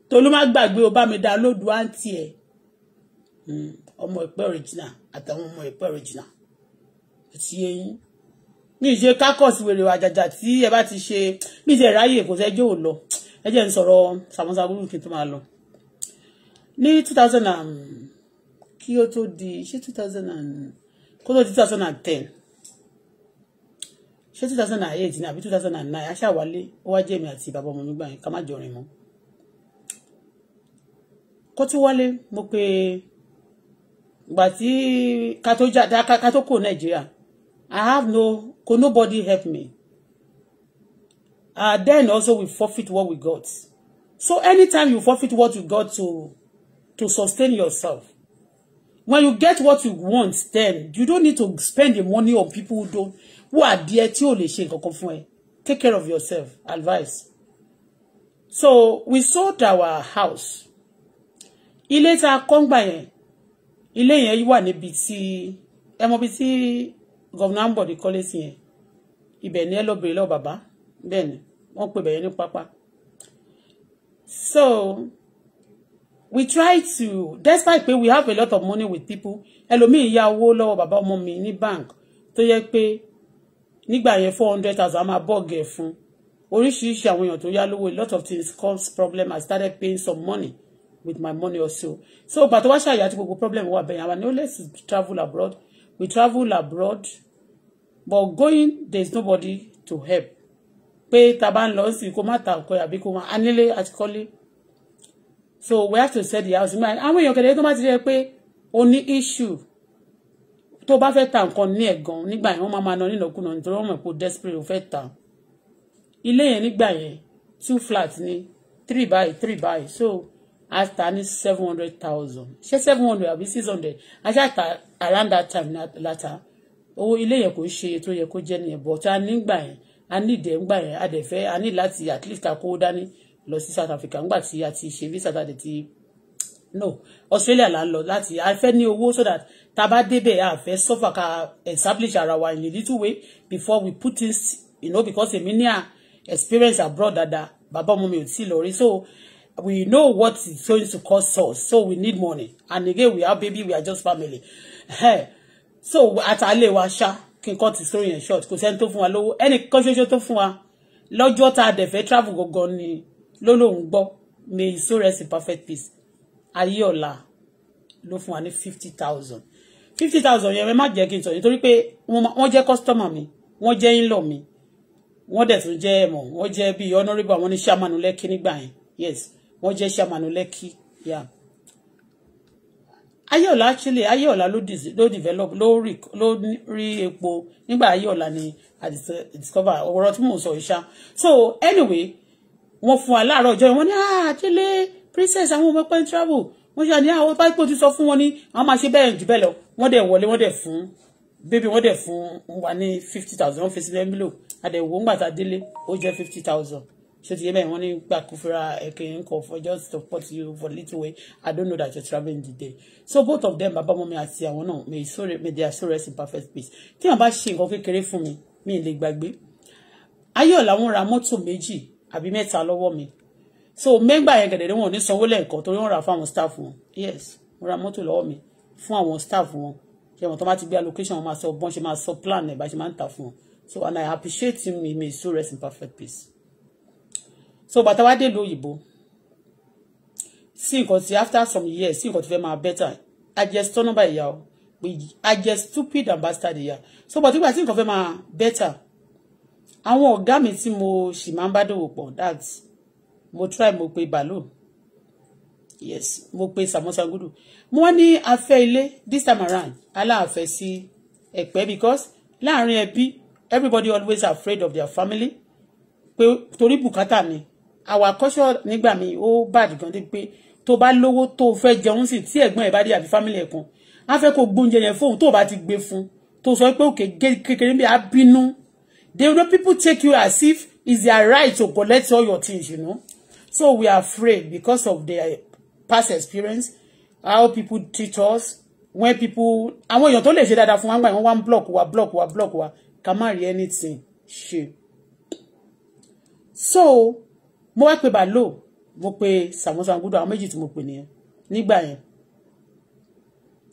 tolú má gbàgbé o bá mi dá lódù àǹtí ẹ̀ hmm, ọmọ ìpẹ́ original àtàwọn ọmọ ìpẹ́ original ó ti eyín mi ṣe kákọ̀sì wèrè àjàjà tí ẹ bá ti ṣe mi ṣe ráyè kò sẹ́jọ́ ò lọ ẹ jẹ́ ń sọ̀rọ̀ sàmúsàbúrú kí n tó máa lọ. two thousand and kí ó tó di ṣé two thousand and kó tó di two thousand and ten ṣé two thousand and eight ni àbí two thousand and nine aṣáwálé ó wá jẹ́ mi àti bàbá ọmọ mi gbà yẹn ká má jọrin mọ́. kó tó wálé mo pe ìgbà tí ká tó kò nàìjíríà I have no, could nobody help me. Uh, then also we forfeit what we got. So anytime you forfeit what you got to, to sustain yourself, when you get what you want, then you don't need to spend the money on people who don't, who are dear to you, Take care of yourself. Advice. So we sold our house. Ilé tá a kọ́ ngbà yẹn. Ilé yẹn wà níbi tí, ẹ mọ̀ bí gọ́vnà ń bọ̀ ní kọ́lé sí yẹn ibẹ̀ ni ẹ lọ bèrè lọ́wọ́ bàbá bẹ́ẹ̀ ni wọ́n pè bẹ̀yẹn ní pápá. so we try to despite pé we have a lot of money with people ẹlòmíì ya owó lọ́wọ́ bàbá ọmọ mi ní bank tó yẹ pé nígbà yẹn four hundred thousand máa bọ̀ gẹ̀ fún oríṣiríṣi àwọn èèyàn tó yá lówó a lot of things cause problem I started paying some money with my money also so gbàtọ́ wá ṣàyà tí gbogbo problem wà bẹ́yẹn àwọn ni ó let's travel abroad we travel abroad but going there is nobody to help pé ta bá ń lọ sí kó má ta ọkọ àbí kó má anílé àti kọ́lé so we have to sell the house man àwọn èèyàn kẹ̀lẹ́ tó má ti rí ẹ pé o ní issue tó bá fẹ́ ta nǹkan ní ẹ̀gàn nígbà yẹn wọ́n máa máa ná nínàkúnà nítorí wọ́n mọ̀ pé desperate ò fẹ́ ta ilé yẹn nígbà yẹn two flat ni three by three by so ata ní seven hundred thousand ṣé seven hundred àbí six hundred ajá ta around that time later owó ilé yẹn kò ṣe tó yẹ kó jẹ́ nìyẹn but a nígbà yẹn a ní ìdẹ̀ ńgbà yẹn a dẹ̀ fẹ́ a ní láti at least a kó dání lọ sí South Africa ńgbà tí a ti ṣe visa tá a ti no Australia là ń lọ láti a fẹ́ ní owó so that tá a bá débẹ̀ a fẹ́ suffer ká establish ara wa in a little way before we put things you know because èmi ní à experience abroad dáadáa bàbá ọmọ mi ò tí lọ rí so we know what is going to cost us so we need money and again we are baby we are just family hey so àtàlẹ́ wa ṣá kí n kọ́ ti story yẹn short kò sẹ́ni tó fún wa lówó ẹnì kan ṣoṣo tó fún wa lọ́jọ́ tá a dẹ̀ fẹ́ travel gangan ni ló lóun gbọ́ may his soul rest in perfect peace ayéọ̀la ló fún wa ní fifty thousand fifty thousand yẹn má jẹ́ kí n sọ nítorí pé wọ́n jẹ́ customer mi wọ́n jẹ́ in-law mi wọ́n dẹ̀ tún jẹ́ ẹ̀mọ̀ wọ́n jẹ́ bíi honourable àwọn oníṣẹ́ amánulẹ́kí nígbà yẹn yes wọ́n jẹ́ ṣẹ́ amánulẹ́kí yàrá ayéọ̀lá actually ayéọ̀lá ló ló develop ló rí ló rí epo nígbà ayéọ̀lá ni i discover ọ̀rọ̀ tí mò ń sọ ìṣá so anyway wọ́n fún wa láàárọ̀ ọjọ́ yẹn wọ́n ní ah, princess àwọn ọmọ pẹ́ ń travel wọ́n ṣe àní àwọn ah, pápẹ́ òtún sọ fún wọn ní àwọn máa ṣe bẹ́ẹ̀ jù bẹ́ẹ̀ lọ wọ́n dẹ̀ wọlé wọ́n dẹ̀ fún bébí wọ́n dẹ̀ fún wa ní fifty thousand wọ́n fi sílẹ̀ envelope àdẹ̀wò ńgbà tá délé ó jẹ́ fifty thousand ṣé ti yé bẹ́ẹ̀ wọ́n ní gbà kó fira ẹ̀kẹ́ nǹkan for just to support you for little way i don't know that you're traveling the day so both of them bàbá mọ́mi àti àwọn náà may so may their soul rest in perfect peace tí wọ́n bá ṣe nǹkan kékeré fún mi mi ì lè gbàgbé ayọ̀ làwọn ra mọ́tò méjì àbí mẹ́ta lọ́wọ́ mi so mẹ́gbà yẹn gẹ̀dẹ̀dẹ̀ wọn ò ní sanwó lẹ́ẹ̀kan torí wọ́n rà fún àwọn staff wọn yes wọ́n ra mọ́tò lọ́wọ́ mi fún àwọn staff wọn ṣe wọn tó bá ti gbé allocation wọn máa sọ bọ́n ṣe máa sọ plan ẹ̀ bá ṣe máa ń tà fún wọn so and I appreciate him he may so rest in perfect peace so but wá dé lóyìnbó sí See tí after some years sí nǹkan tí fẹ́ máa better ajẹ́ by nọ́mbà We I just stupid and bastard ìyá so but ìgbà tí nǹkan fẹ́ máa better àwọn ọ̀gá mi tí mo sì máa ń bá dòwò pọ̀ that mo try mo pe balo yes mo pe samosangudu mo wá ní afẹ́ this time around aláàfẹ́ sí ẹ̀pẹ́ because láàrin ẹbí everybody always afraid of their family pé torí bùkátà ni àwa kọ́ṣọ́ nígbà míì ó bàjì gan dé pé tó bá lówó tó fẹ́ jẹun sí tí ẹ̀gbọ́n ẹ̀ bá dé àbí fámìlì ẹ̀ kan á fẹ́ kó gbóúnjẹ yẹn fóun tó bá ti gbé fún tó sọ pé òkè kékeré bí a bínú they know people take you as if it's their right to collect all your things you know so we are afraid because of their past experience how people treat us when people àwọn èèyàn tó lè ṣe dáadáa fún wa gbà wọn wá block wa block wa block wa kà má rí anything ṣe so mo wá pe bàló mo pe sàmúsàngúdò àwọn méjì tí mo pè nìyẹn nígbà yẹn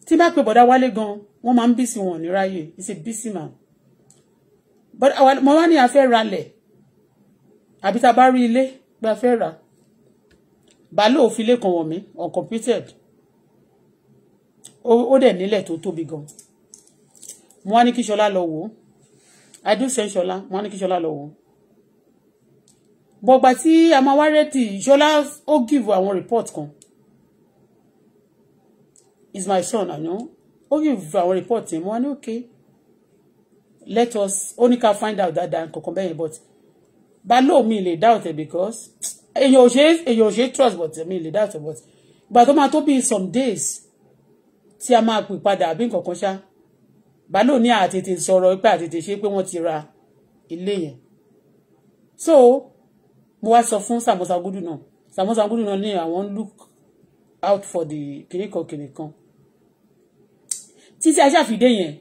tí bá pe bọ̀dá wálé gan wọ́n máa ń bísí wọn ní ráyè it's a busy man but mo wá ní a fẹ́ ralẹ̀ àbí tá a bá rí ilé pé a fẹ́ rà bàló kan wọ̀ mí uncomputed ó dẹ̀ nílẹ̀ tó tóbi gan mo wá ní kí Ṣọlá lọ wò I do send Ṣọlá mo wá ní kí Ṣọlá lọ wò bọ̀gbà tí a máa wá rẹ́dì Ṣọlá ó give àwọn report kan is my son àná ó oh, give àwọn report yẹn eh, mo wá ní okay let us ó ní ká find out dáadáa kankan bẹ́ẹ̀ but balo mi lè doubt it eh, because èyàn ò ṣe èyàn ò ṣe trust but eh, mi lè doubt it but ìgbà tó máa tó bí some days tí a máa pè padà àbí nǹkan kan ṣá balo ní àtètè sọ̀rọ̀ pé àtètè ṣe pé wọ́n ti ra ilé yẹn so mo wá sọ fún samosa gudu náà samosa gudu náà ní àwọn look out for the kìnìkan kìnìkan títí ajá fi dé yẹn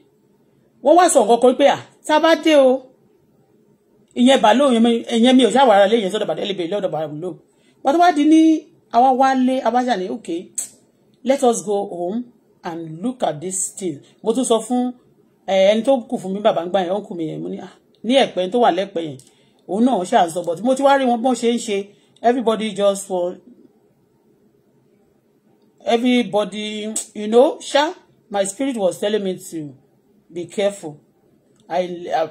wọ́n wá sọ nǹkan kan pé à tá a bá dé o ìyẹn bàálò ìyẹn mi ò ṣáà wàrà lẹ́yìn sọ́dọ̀ bàdé lébè lọ́dọ̀ bàrà lò pàtó wá di ní àwa wálé abájà ní okay let us go home and look at this thing mo tún sọ fún eh, ẹni tó kù fún mi bàbá ń gbà yẹn ó ń kù mí yẹn mo ní à ní ẹ̀pẹ́ tó wà lẹ́pẹ́ yẹn òun náà ṣáà sọ but mo ti wá rí wọn bọ́n ṣe ń ṣe everybody just for everybody you know ṣá my spirit was telling me to be careful I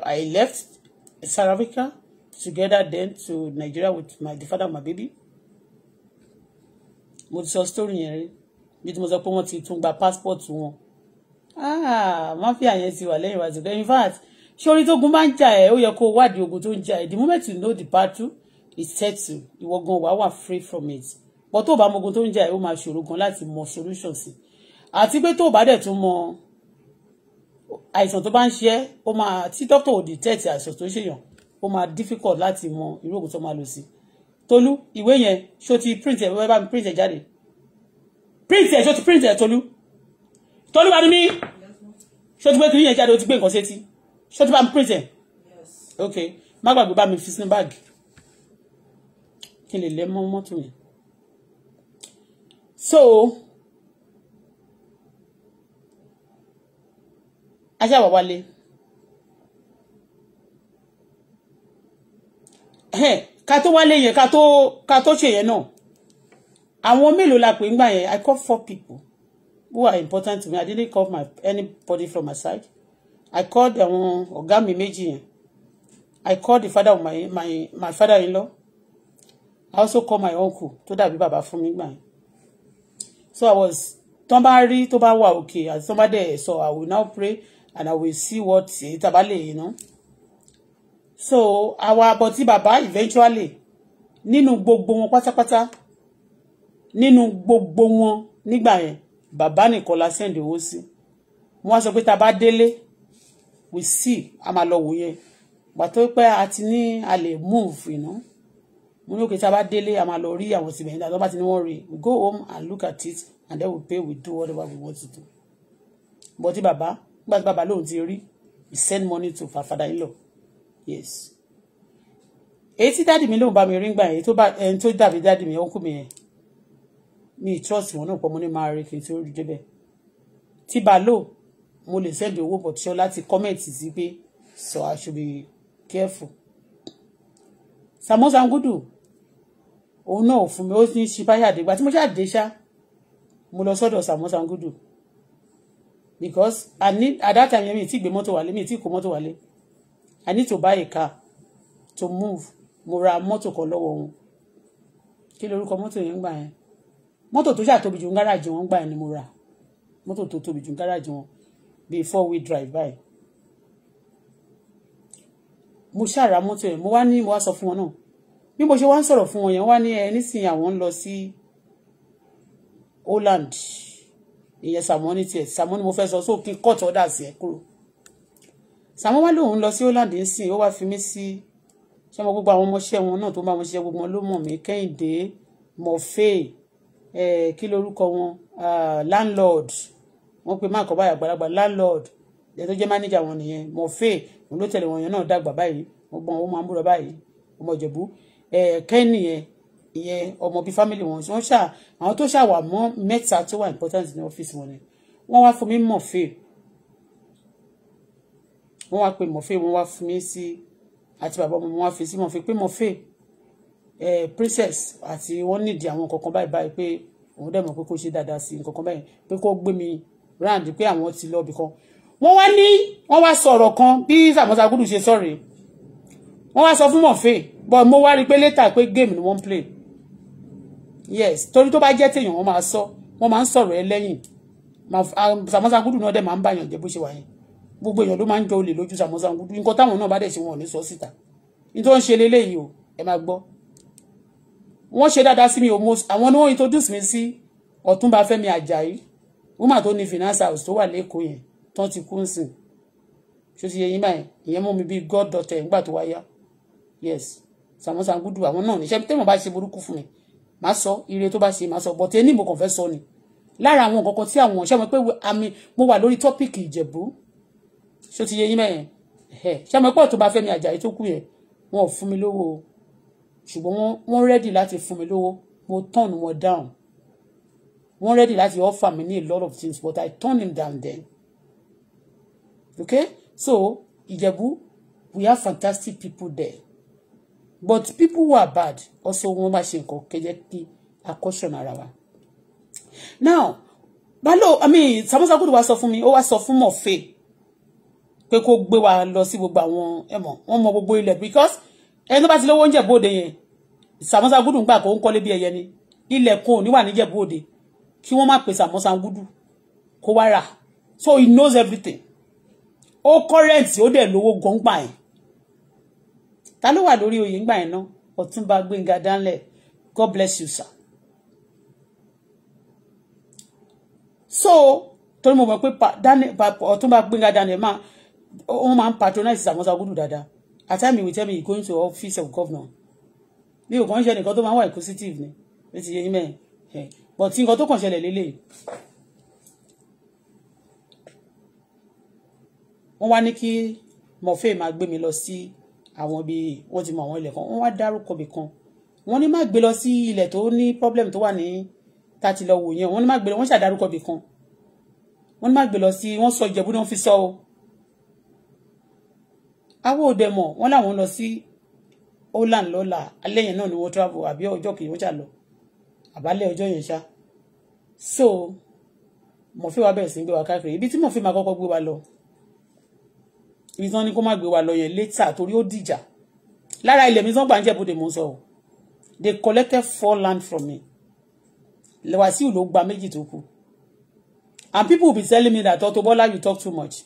I left South Africa together then to Nigeria with my the father of my baby mo ti sọ story yẹn rí bí mo sọ pé wọ́n ti tún gba passport wọn ah mafia yẹn ti wà lẹ́yìn wa ti gbẹ in fact sórí tógun bá ń jà ẹ ó yẹ kó wádìí ogun tó ń jà ẹ the moment you know the battle is settled ìwọ gan wàá wà free from it but tó o bá mọ ogun tó ń jà ẹ ó máa ṣòro gan láti mọ solution sí àti pé tó o bá dẹ̀ tún mọ àìsàn tó bá ń ṣe ẹ́ ó máa tí dókítà ò detect àìsàn tó ṣèyàn ó máa difficult láti mọ irú oògùn tó máa lò sí Tolú ìwé yẹn ṣó ti print ẹ bá mi print ẹ jáde print ẹ ṣó ti print ẹ Tolú Tolú bá ní mí ṣó ti gbé kiri yẹn jáde ó ti gbé nǹkan sétí ṣé tí bá ń print ẹ̀ ok má gbàgbé bá mi fi sínú báàgì kí n lè lẹ́ so ajá wà wálé ká tó wálé yẹn ká tó ká tó ṣe want náà àwọn mélòó la pè I call four people who are important to me I didn't call my anybody from my side I called the ọ̀gá mi méjì I called the father of my my my father in law I also called my uncle to that baba from mi so I was tó bá rí wa okay wà somebody. So I will now pray and I will see what tàbá about. You know. so our body, baba, eventually nínú gbogbo wọn pátápátá nínú gbogbo wọn nígbà yẹn ni nìkan la send owó si wọn sọ pé tá a bá we see a máa lọ wòye gbà tó pẹ́ a ti ní a lè move you know mo ní òkè tí a bá délé a máa lọ rí àwọn tìbẹ̀ nígbà tó bá ti ní wọ́n rí we go home and look at it and then we pay we do whatever we want to do bọ́tí bàbá nígbà tí bàbá lóun ti rí he send money to father in law yes èyí tí dáàdì mi lóun bá mi rí gbà yẹn ẹni tó dàbí dáàdì mi ọkùnrin mi yẹn mi trust wọn náà pọ̀ mo ní máa rí kí n tó rí débẹ̀ tí bá lò mo lè send owó but ṣọlá ti comment sí pé so I should be careful samosa ngudu òun náà fún mi ó ní ṣípáyàdé ìgbà tí mo ṣàdé ṣá mo lọ sọ́dọ̀ samosa ngudu because I need at that time mi ti gbé mọ́tò wálé mi ti kó mọ́tò wálé I need to buy a car to move mo ra mọ́tò kan lọ́wọ́ wọn kí lorúkọ mọ́tò yẹn ń gbà yẹn mọ́tò tó ṣàtóbi jù ń gáràjì wọn ń gbà yẹn ni mo ra mọ́tò tó tóbi jù ń gáràjì wọn before we drive by mo ṣàrà mọ́tò yẹn mo wá ní mo wá sọ fún wọn náà bí mo ṣe wá ń sọ̀rọ̀ fún wọn yẹn wá ní ẹ nísìnyí àwọn ń lọ sí Holland ìyẹn sàmọ́ni tiẹ̀ sàmọ́ni mo fẹ́ sọ sóò kí kọ́ọ̀tù ọ̀dà sí ẹ kúrò sàmọ́ wá lòun lọ sí Holland nsìn ó wá fi mí sí ṣé mo gbogbo àwọn ọmọọṣẹ́ wọn náà tó bá wọn ṣiṣẹ́ gbogbo wọn ló mọ̀ mí Kẹ́hìndé mọ̀fẹ́ eh, kí lorúkọ wọn ah, landlord wọ́n pe máa kọ́ báyìí àgbàlagbà landlord ẹ̀ tó jẹ́ mánéjà wọn nìyẹn mọ̀ fẹ́ òun ló tẹ̀lé wọn yẹn náà dàgbà báyìí wọ́n gbọ́n ó máa báyìí ọmọ ìjẹ̀bú ẹ̀ kẹ́ni yẹn ìyẹn ọmọ bíi family wọn wọ́n ṣà àwọn tó ṣàwà mọ́ mẹ́ta tó wà important ní ọ́fíìsì wọn ni wọ́n wá fún mi mọ̀ fẹ́ wọ́n wá pe mọ̀ fẹ́ wọ́n wá fún mi sí àti bàbá ọmọ mi wá fi sí mọ̀ fẹ́ pé mọ̀ fẹ́ Eh, princess àti wọ́n nídìí àwọn kankan báyìí báyìí pé òun dẹ̀ mọ̀ pé kó ṣe dáadáa sí nǹkan kan báyìí pé kó gbé mi round pé àwọn ti lọ bìkan wọ́n wá ní wọ́n wá sọ̀rọ̀ kan bí Samusa Gudu ṣe sọ̀rọ̀ wọ́n wá sọ fún mọ̀fẹ́ but mo wá rí i pé later pé game ni wọ́n play yes torí tó bá jẹ́ téèyàn wọ́n máa sọ wọ́n máa ń sọ̀rọ̀ ẹ lẹ́yìn ah, Samusa Gudu náà dẹ̀ máa ń bàyàn jẹ́ bó ṣe wà yẹn gbogbo èèyàn ló máa ń jọ olè lójú Samusa Gudu nǹkan táwọn náà bá dẹ̀ ṣe wọn ò ní sọ síta nítorí ń ṣe leléyìí o ẹ máa gbọ́ wọ́n ṣe dáadáa sí mi o àwọn ni wọ́n introduce mi sí Ọ̀túnba Fẹ́mi Àjàyí woman tó ní finance house tó wà lẹ́kọ̀ọ́ yẹn tán ti kú nsìn ṣó ti yẹ yín báyìí ìyẹn mú mi bíi god daughter nígbà tó wáyá yes Samuel Sango-Igboho àwọn náà níṣẹ́ tẹ́wọ̀n bá ṣe burúkú fún mi màá sọ ire tó bá ṣe màá sọ bọ́tẹ́ ní mo kàn fẹ́ sọ ni lára àwọn nǹkan kan tí àwọn ṣé mo pé àmì mo wà lórí tọ́pìkì ìjẹ̀bú ṣó ti yẹ yín báyẹn ẹ̀ ṣé mo pọ̀ tó bá fẹ́ mi àjàyí tó kù yẹn wọn ò fún mi lówó ṣùgbọ́n wọ́n rẹ́dì láti fún mi lówó mo tọ̀nù wọn dáhùn wọ́n ready láti offer me a lot of things but I turned him down then okay so Ìjẹ̀bú we have fantastic people there but people who are bad also wọ́n máa ṣe nǹkan kẹjẹ a caution ara wa now balo i mean samusa kudu wa sọ fún mi ó wá sọ fún mọ̀fẹ́ pé kó gbé wa lọ sí gbogbo àwọn ẹ̀mọ́ wọ́n mọ because ẹni tó bá ti lówó oúnjẹ bóde yẹn samusa kudu ń gbà call ń kọ́lé bí ẹyẹ ni ilẹ̀ kan ò ní wà níjẹ̀bú òde kí wọ́n má pè sàmọ́sàngúdù kó wá rà so he knows everything ó kọ́rẹ́ǹtì ó dẹ̀ lówó gọ́ngbà yẹn ta ló wà lórí oyè ńgbà yẹn náà ọ̀túnba gbẹ̀ngà dánlẹ̀ god bless you sir. so torí mo mọ̀ pé ọ̀túnba gbẹ̀ngà dánlẹ̀ máa wọ́n máa ń patronize sàmọ́sàngúdù dáadáa àti àmì ìwé tẹ́mi going to office of governor mi ò kàn ń ṣe nìkan tó máa ń wà inquisitive ni ó ti yẹ yín mẹ́rin but nǹkan tó kàn ṣẹlẹ̀ lélẹ̀ wọ́n wá ní kí mọ̀fẹ́ máa gbé mi lọ sí àwọn ibi wọ́n ti mọ àwọn ilẹ̀ kan wọ́n wá dárúkọ bì kan wọ́n ní má gbé lọ sí ilẹ̀ tó ní problem tó wà ní tàti lọ wò yẹn wọ́n ní má gbé lọ wọ́n ṣàdárúkọ bì kan wọ́n ní má gbé lọ sí wọ́n sọ ìjẹ̀bú náà fi sọ o àwọn òde mọ̀ wọ́n láwọn lọ sí holland lọ́la alẹ́ yẹn náà ni wọ́n travel àbí ọjọ́ kìí wọ́n ṣà lọ àbálẹ̀ ọjọ́ yẹn ṣáá so mo fi wá bẹ̀rẹ̀ sí gbé wa káàkiri ibi tí mo fi máa kọ́kọ́ gbé wa lọ ibi tí wọ́n ní kó má gbé wa lọ yẹn létà torí ó dìjà lára ilẹ̀ mi tí wọ́n gbà ń jẹ́ bóde mò sọ o they collected four land from me Wàsíù ló gba méjì tó kù and people be telling me that Auto you talk too much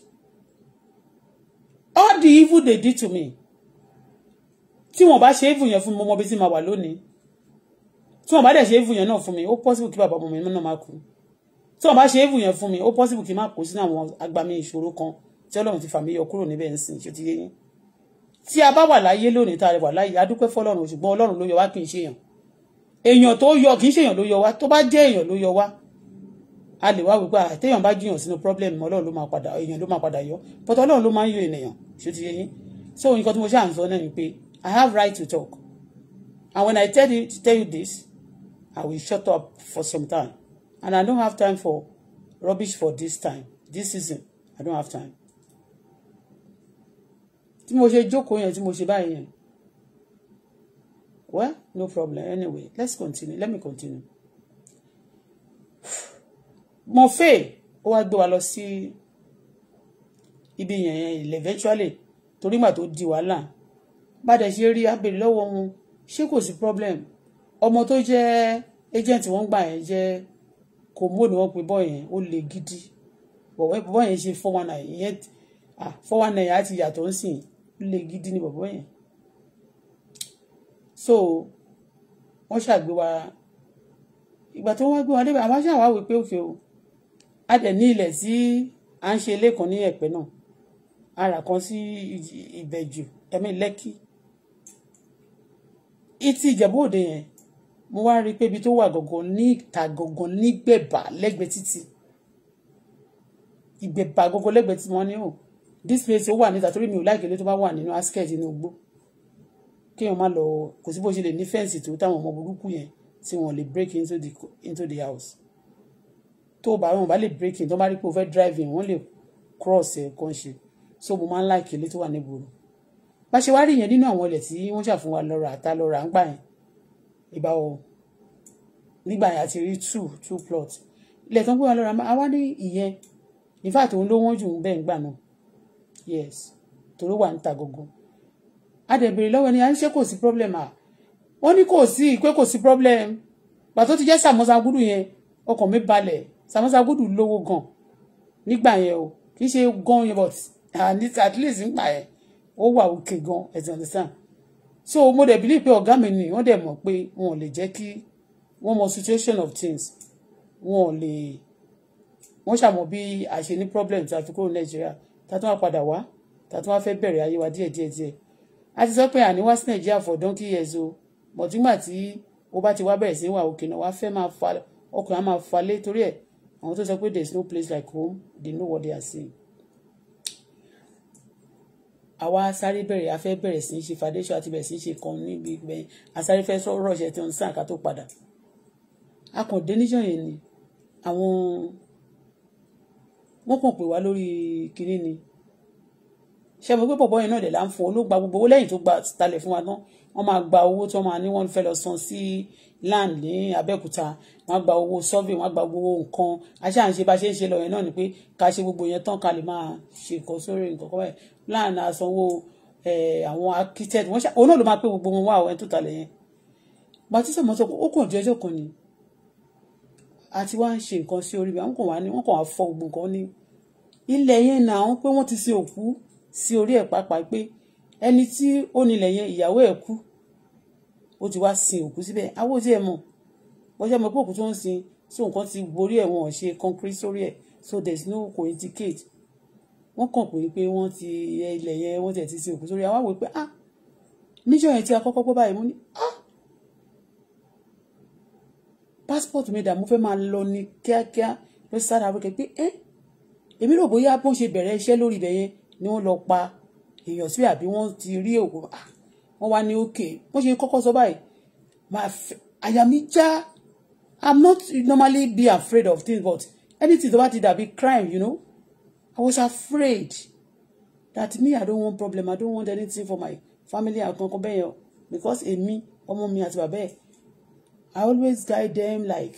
all the evil they did to me tí wọ́n bá ṣe evil yẹn fún mi mo tí màá wà lónìí tí wọ́n bá dẹ̀ ṣe é fún yẹn náà fún mi ó possible kí bàbá ọmọ mi náà má kú tí wọ́n bá ṣe é fún yẹn fún mi ó possible kí n má kó sínú àwọn agbami ìṣòro kan tí Ọlọ́run ti fà mí yọ kúrò níbẹ̀ ń sìn ṣó ti yé yín tí a bá wà láyé lónìí tá a wà láyé adúpẹ́ fọlọ́run ṣùgbọ́n Ọlọ́run ló yọ wá kì í ṣe èèyàn èèyàn tó yọ kì í ṣe èèyàn ló yọ wá tó bá jẹ́ èèyàn ló yọ wá a lè wá wípé àtẹ̀yàn bá jiyàn sínú problem Ọlọ́run ló máa padà èèyàn ló máa padà yọ but Ọlọ́run ló máa ń yọ ènìyàn ṣó ti yé yín so nǹkan tí mo ṣáà ń sọ náà ni pé I have right to talk and when I tell you, tell you this I will shut up for some time. And I don't have time for rubbish for this time, this season. I don't have time. Tí mo ṣe jókòó yẹn tí mo ṣe Well, no problem. Anyway, let's continue. Let me continue. Mofe, fẹ́ ó wá gbé ibi yẹn eventually torí to tó di wàhálà. Bá dẹ̀ ṣe rí abèrè lọ́wọ́ wọn problem ọmọ tó jẹ́ agent wọ́n gbà yẹn jẹ́ kò mú ni wọ́n pe bọ́ yẹn ó le gidi bọ̀wọ́ bọ́ yẹn ṣe four one nine yẹn ah four one nine yẹn á ń sìn ó le gidi ni bọ̀wọ́ yẹn so wọ́n ṣàgbé wa ìgbà tó wá gbé wa débẹ̀ àwọn aṣáà wá wí pé òkè o a dẹ̀ ní ilẹ̀ sí à ń ṣe ilé ní ẹ̀pẹ́ náà ara kan sí ìbẹ̀jù ẹ̀mí lẹ́kì ìtì ìjẹ̀bú òde yẹn mo wá rí i pé ibi tó wà gangan ní ìta gangan nígbẹ̀bà lẹ́gbẹ̀ẹ́ títì ìgbẹ̀bà gangan lẹ́gbẹ̀ẹ́ tí wọ́n ní o oh, this place ó wà níta torí mi ò láìkè ló tó bá wà nínú asket inú igbó kéèyàn má lọ kò sí bó ṣe lè ní fẹ́ǹsì tó táwọn ọmọ burúkú yẹn tí wọ́n lè break into the into the house tó o bá wọn bá lè break in tó bá rí pé o fẹ́ drive in wọ́n lè cross ẹ̀ kàn ṣe so mo máa ń láìkè lé tó wà níbòrò bá ṣe wá rí yẹn nínú àwọn ilẹ̀ tí wọ́n ṣàfihàn lọ́ra àtà lọ́ra ń gbà yẹn ìbáwọ̀ nígbà yẹn àti rí two two plot ilẹ̀ tó ń gbé wa lọ́ra àwa ní ìyẹn in fact òun ló wọ́n jù ń bẹ́ẹ̀ ń gbà náà yes torí wà ń ta gógó adẹ̀bẹ̀rẹ̀ lọ́wọ́ ni à ń ṣe kò sí problem à wọ́n ní kò sí pé kò sí problem pàtó ti jẹ́ samosa gudu yẹn ọkàn mi balẹ̀ samosa gudu lówó gan nígbà yẹn o kì í ṣe gan yẹn but at least nígbà yẹn ó wà òkè gan as you understand so mo dẹ̀ believe pé ọ̀gá mi ni wọ́n dẹ̀ mọ̀ pé wọn ò lè jẹ́ kí wọ́n mọ situation of things wọn ò lè wọ́n ṣàmọ̀ bí a ṣe ní problem tá a fi kúrò nàìjíríà tá a tún wá padà wá tá a tún wá fẹ́ bẹ̀rẹ̀ ayé wa díẹ̀ díẹ̀ díẹ̀ a ti sọ pé àní wá sí nàìjíríà for donkey years o mọ̀túngbà tí o bá ti wá bẹ̀rẹ̀ sí wà òkè náà wá fẹ́ máa fa ọkùnrin á máa falé torí ẹ̀ àwọn tó sọ pé there is no place like home they know what they are saying àwa sáré bẹ̀rẹ̀ afẹ́ bẹ̀rẹ̀ sí í ṣe foundation àti bẹ̀rẹ̀ sí í ṣe kan níbi bẹ́ẹ̀ asáré fẹ́ sọ̀rọ̀ ṣe tí wọ́n ń sàn ká tó padà akọ̀dé níjọ́ yẹn ni àwọn wọ́n kàn pè wá lórí kinní ni ṣe mo gbé pọ̀pọ̀ yẹn náà dẹ̀ là ń fún ọ ló gba gbogbo owó lẹ́yìn tó gba talẹ̀ fún wa tán wọ́n máa gba owó tí wọ́n máa ní wọ́n fẹ́ lọ san sí land ní Abẹ́òkúta wọ́n á gba owó survey wọ́n á gba gbogbo nǹkan aṣáà ń ṣe bá ṣe ń ṣe lọ yẹn náà ni pé ká ṣe gbogbo yẹn tán ká lè máa ṣe nǹkan sórí nǹkan kọ́ báyìí láàrin àsanwó àwọn architect wọ́n ṣe òun náà ló máa pé gbogbo wọn wá àwọn ẹni tó talẹ̀ yẹn batista mọ́tò ó kàn di ọjọ́ kan ni àti wá ń ṣe nǹkan sí orí mi àwọn kan wà ní wọ́n kàn wá fọ gbogbo nǹkan ní ilẹ̀ yẹn náà àwọn pé wọ́n ti sin òkú sí orí ẹ̀ pàápàá pé ẹni tí ó nílẹ̀ yẹn ìyàwó ẹ̀ kú ó ti wá sin òkú síbẹ̀ àwọn ò mọ̀ wọ́n ṣe mọ̀ pé òkú tó ń sin so nǹkan ti borí ẹ̀ wọn ò ṣe concrete sórí ẹ̀ so there is no co-indicate wọ́n kàn pé pé wọ́n ti ilẹ̀ yẹn wọ́n tẹ̀ ti sin òkú sórí àwa wò pé ah níjọ́ yẹn tí a kọ́kọ́ gbọ́ báyìí mo ní ah passport mi dà mo fẹ́ máa lọ ní kíákíá lọ sí South Africa pé ẹ́ eh, èmi rò bóyá bó ṣe bẹ̀rẹ̀ iṣẹ́ lórí ibẹ̀ yẹn ni wọ́n lọ pa èèyàn síbẹ̀ àbí wọ́n ti rí òkú ah wọ́n wá ní òkè bó ṣe kọ́kọ́ sọ báyìí máa fẹ́ àyà mi já I'm not normally be afraid of things but anything tó bá ti dàbí crime you know I was afraid that me I don't want problem I don't want anything for my family àkànkàn bẹ́ẹ̀ yẹn because in me, mi àti bàbá I always guide them like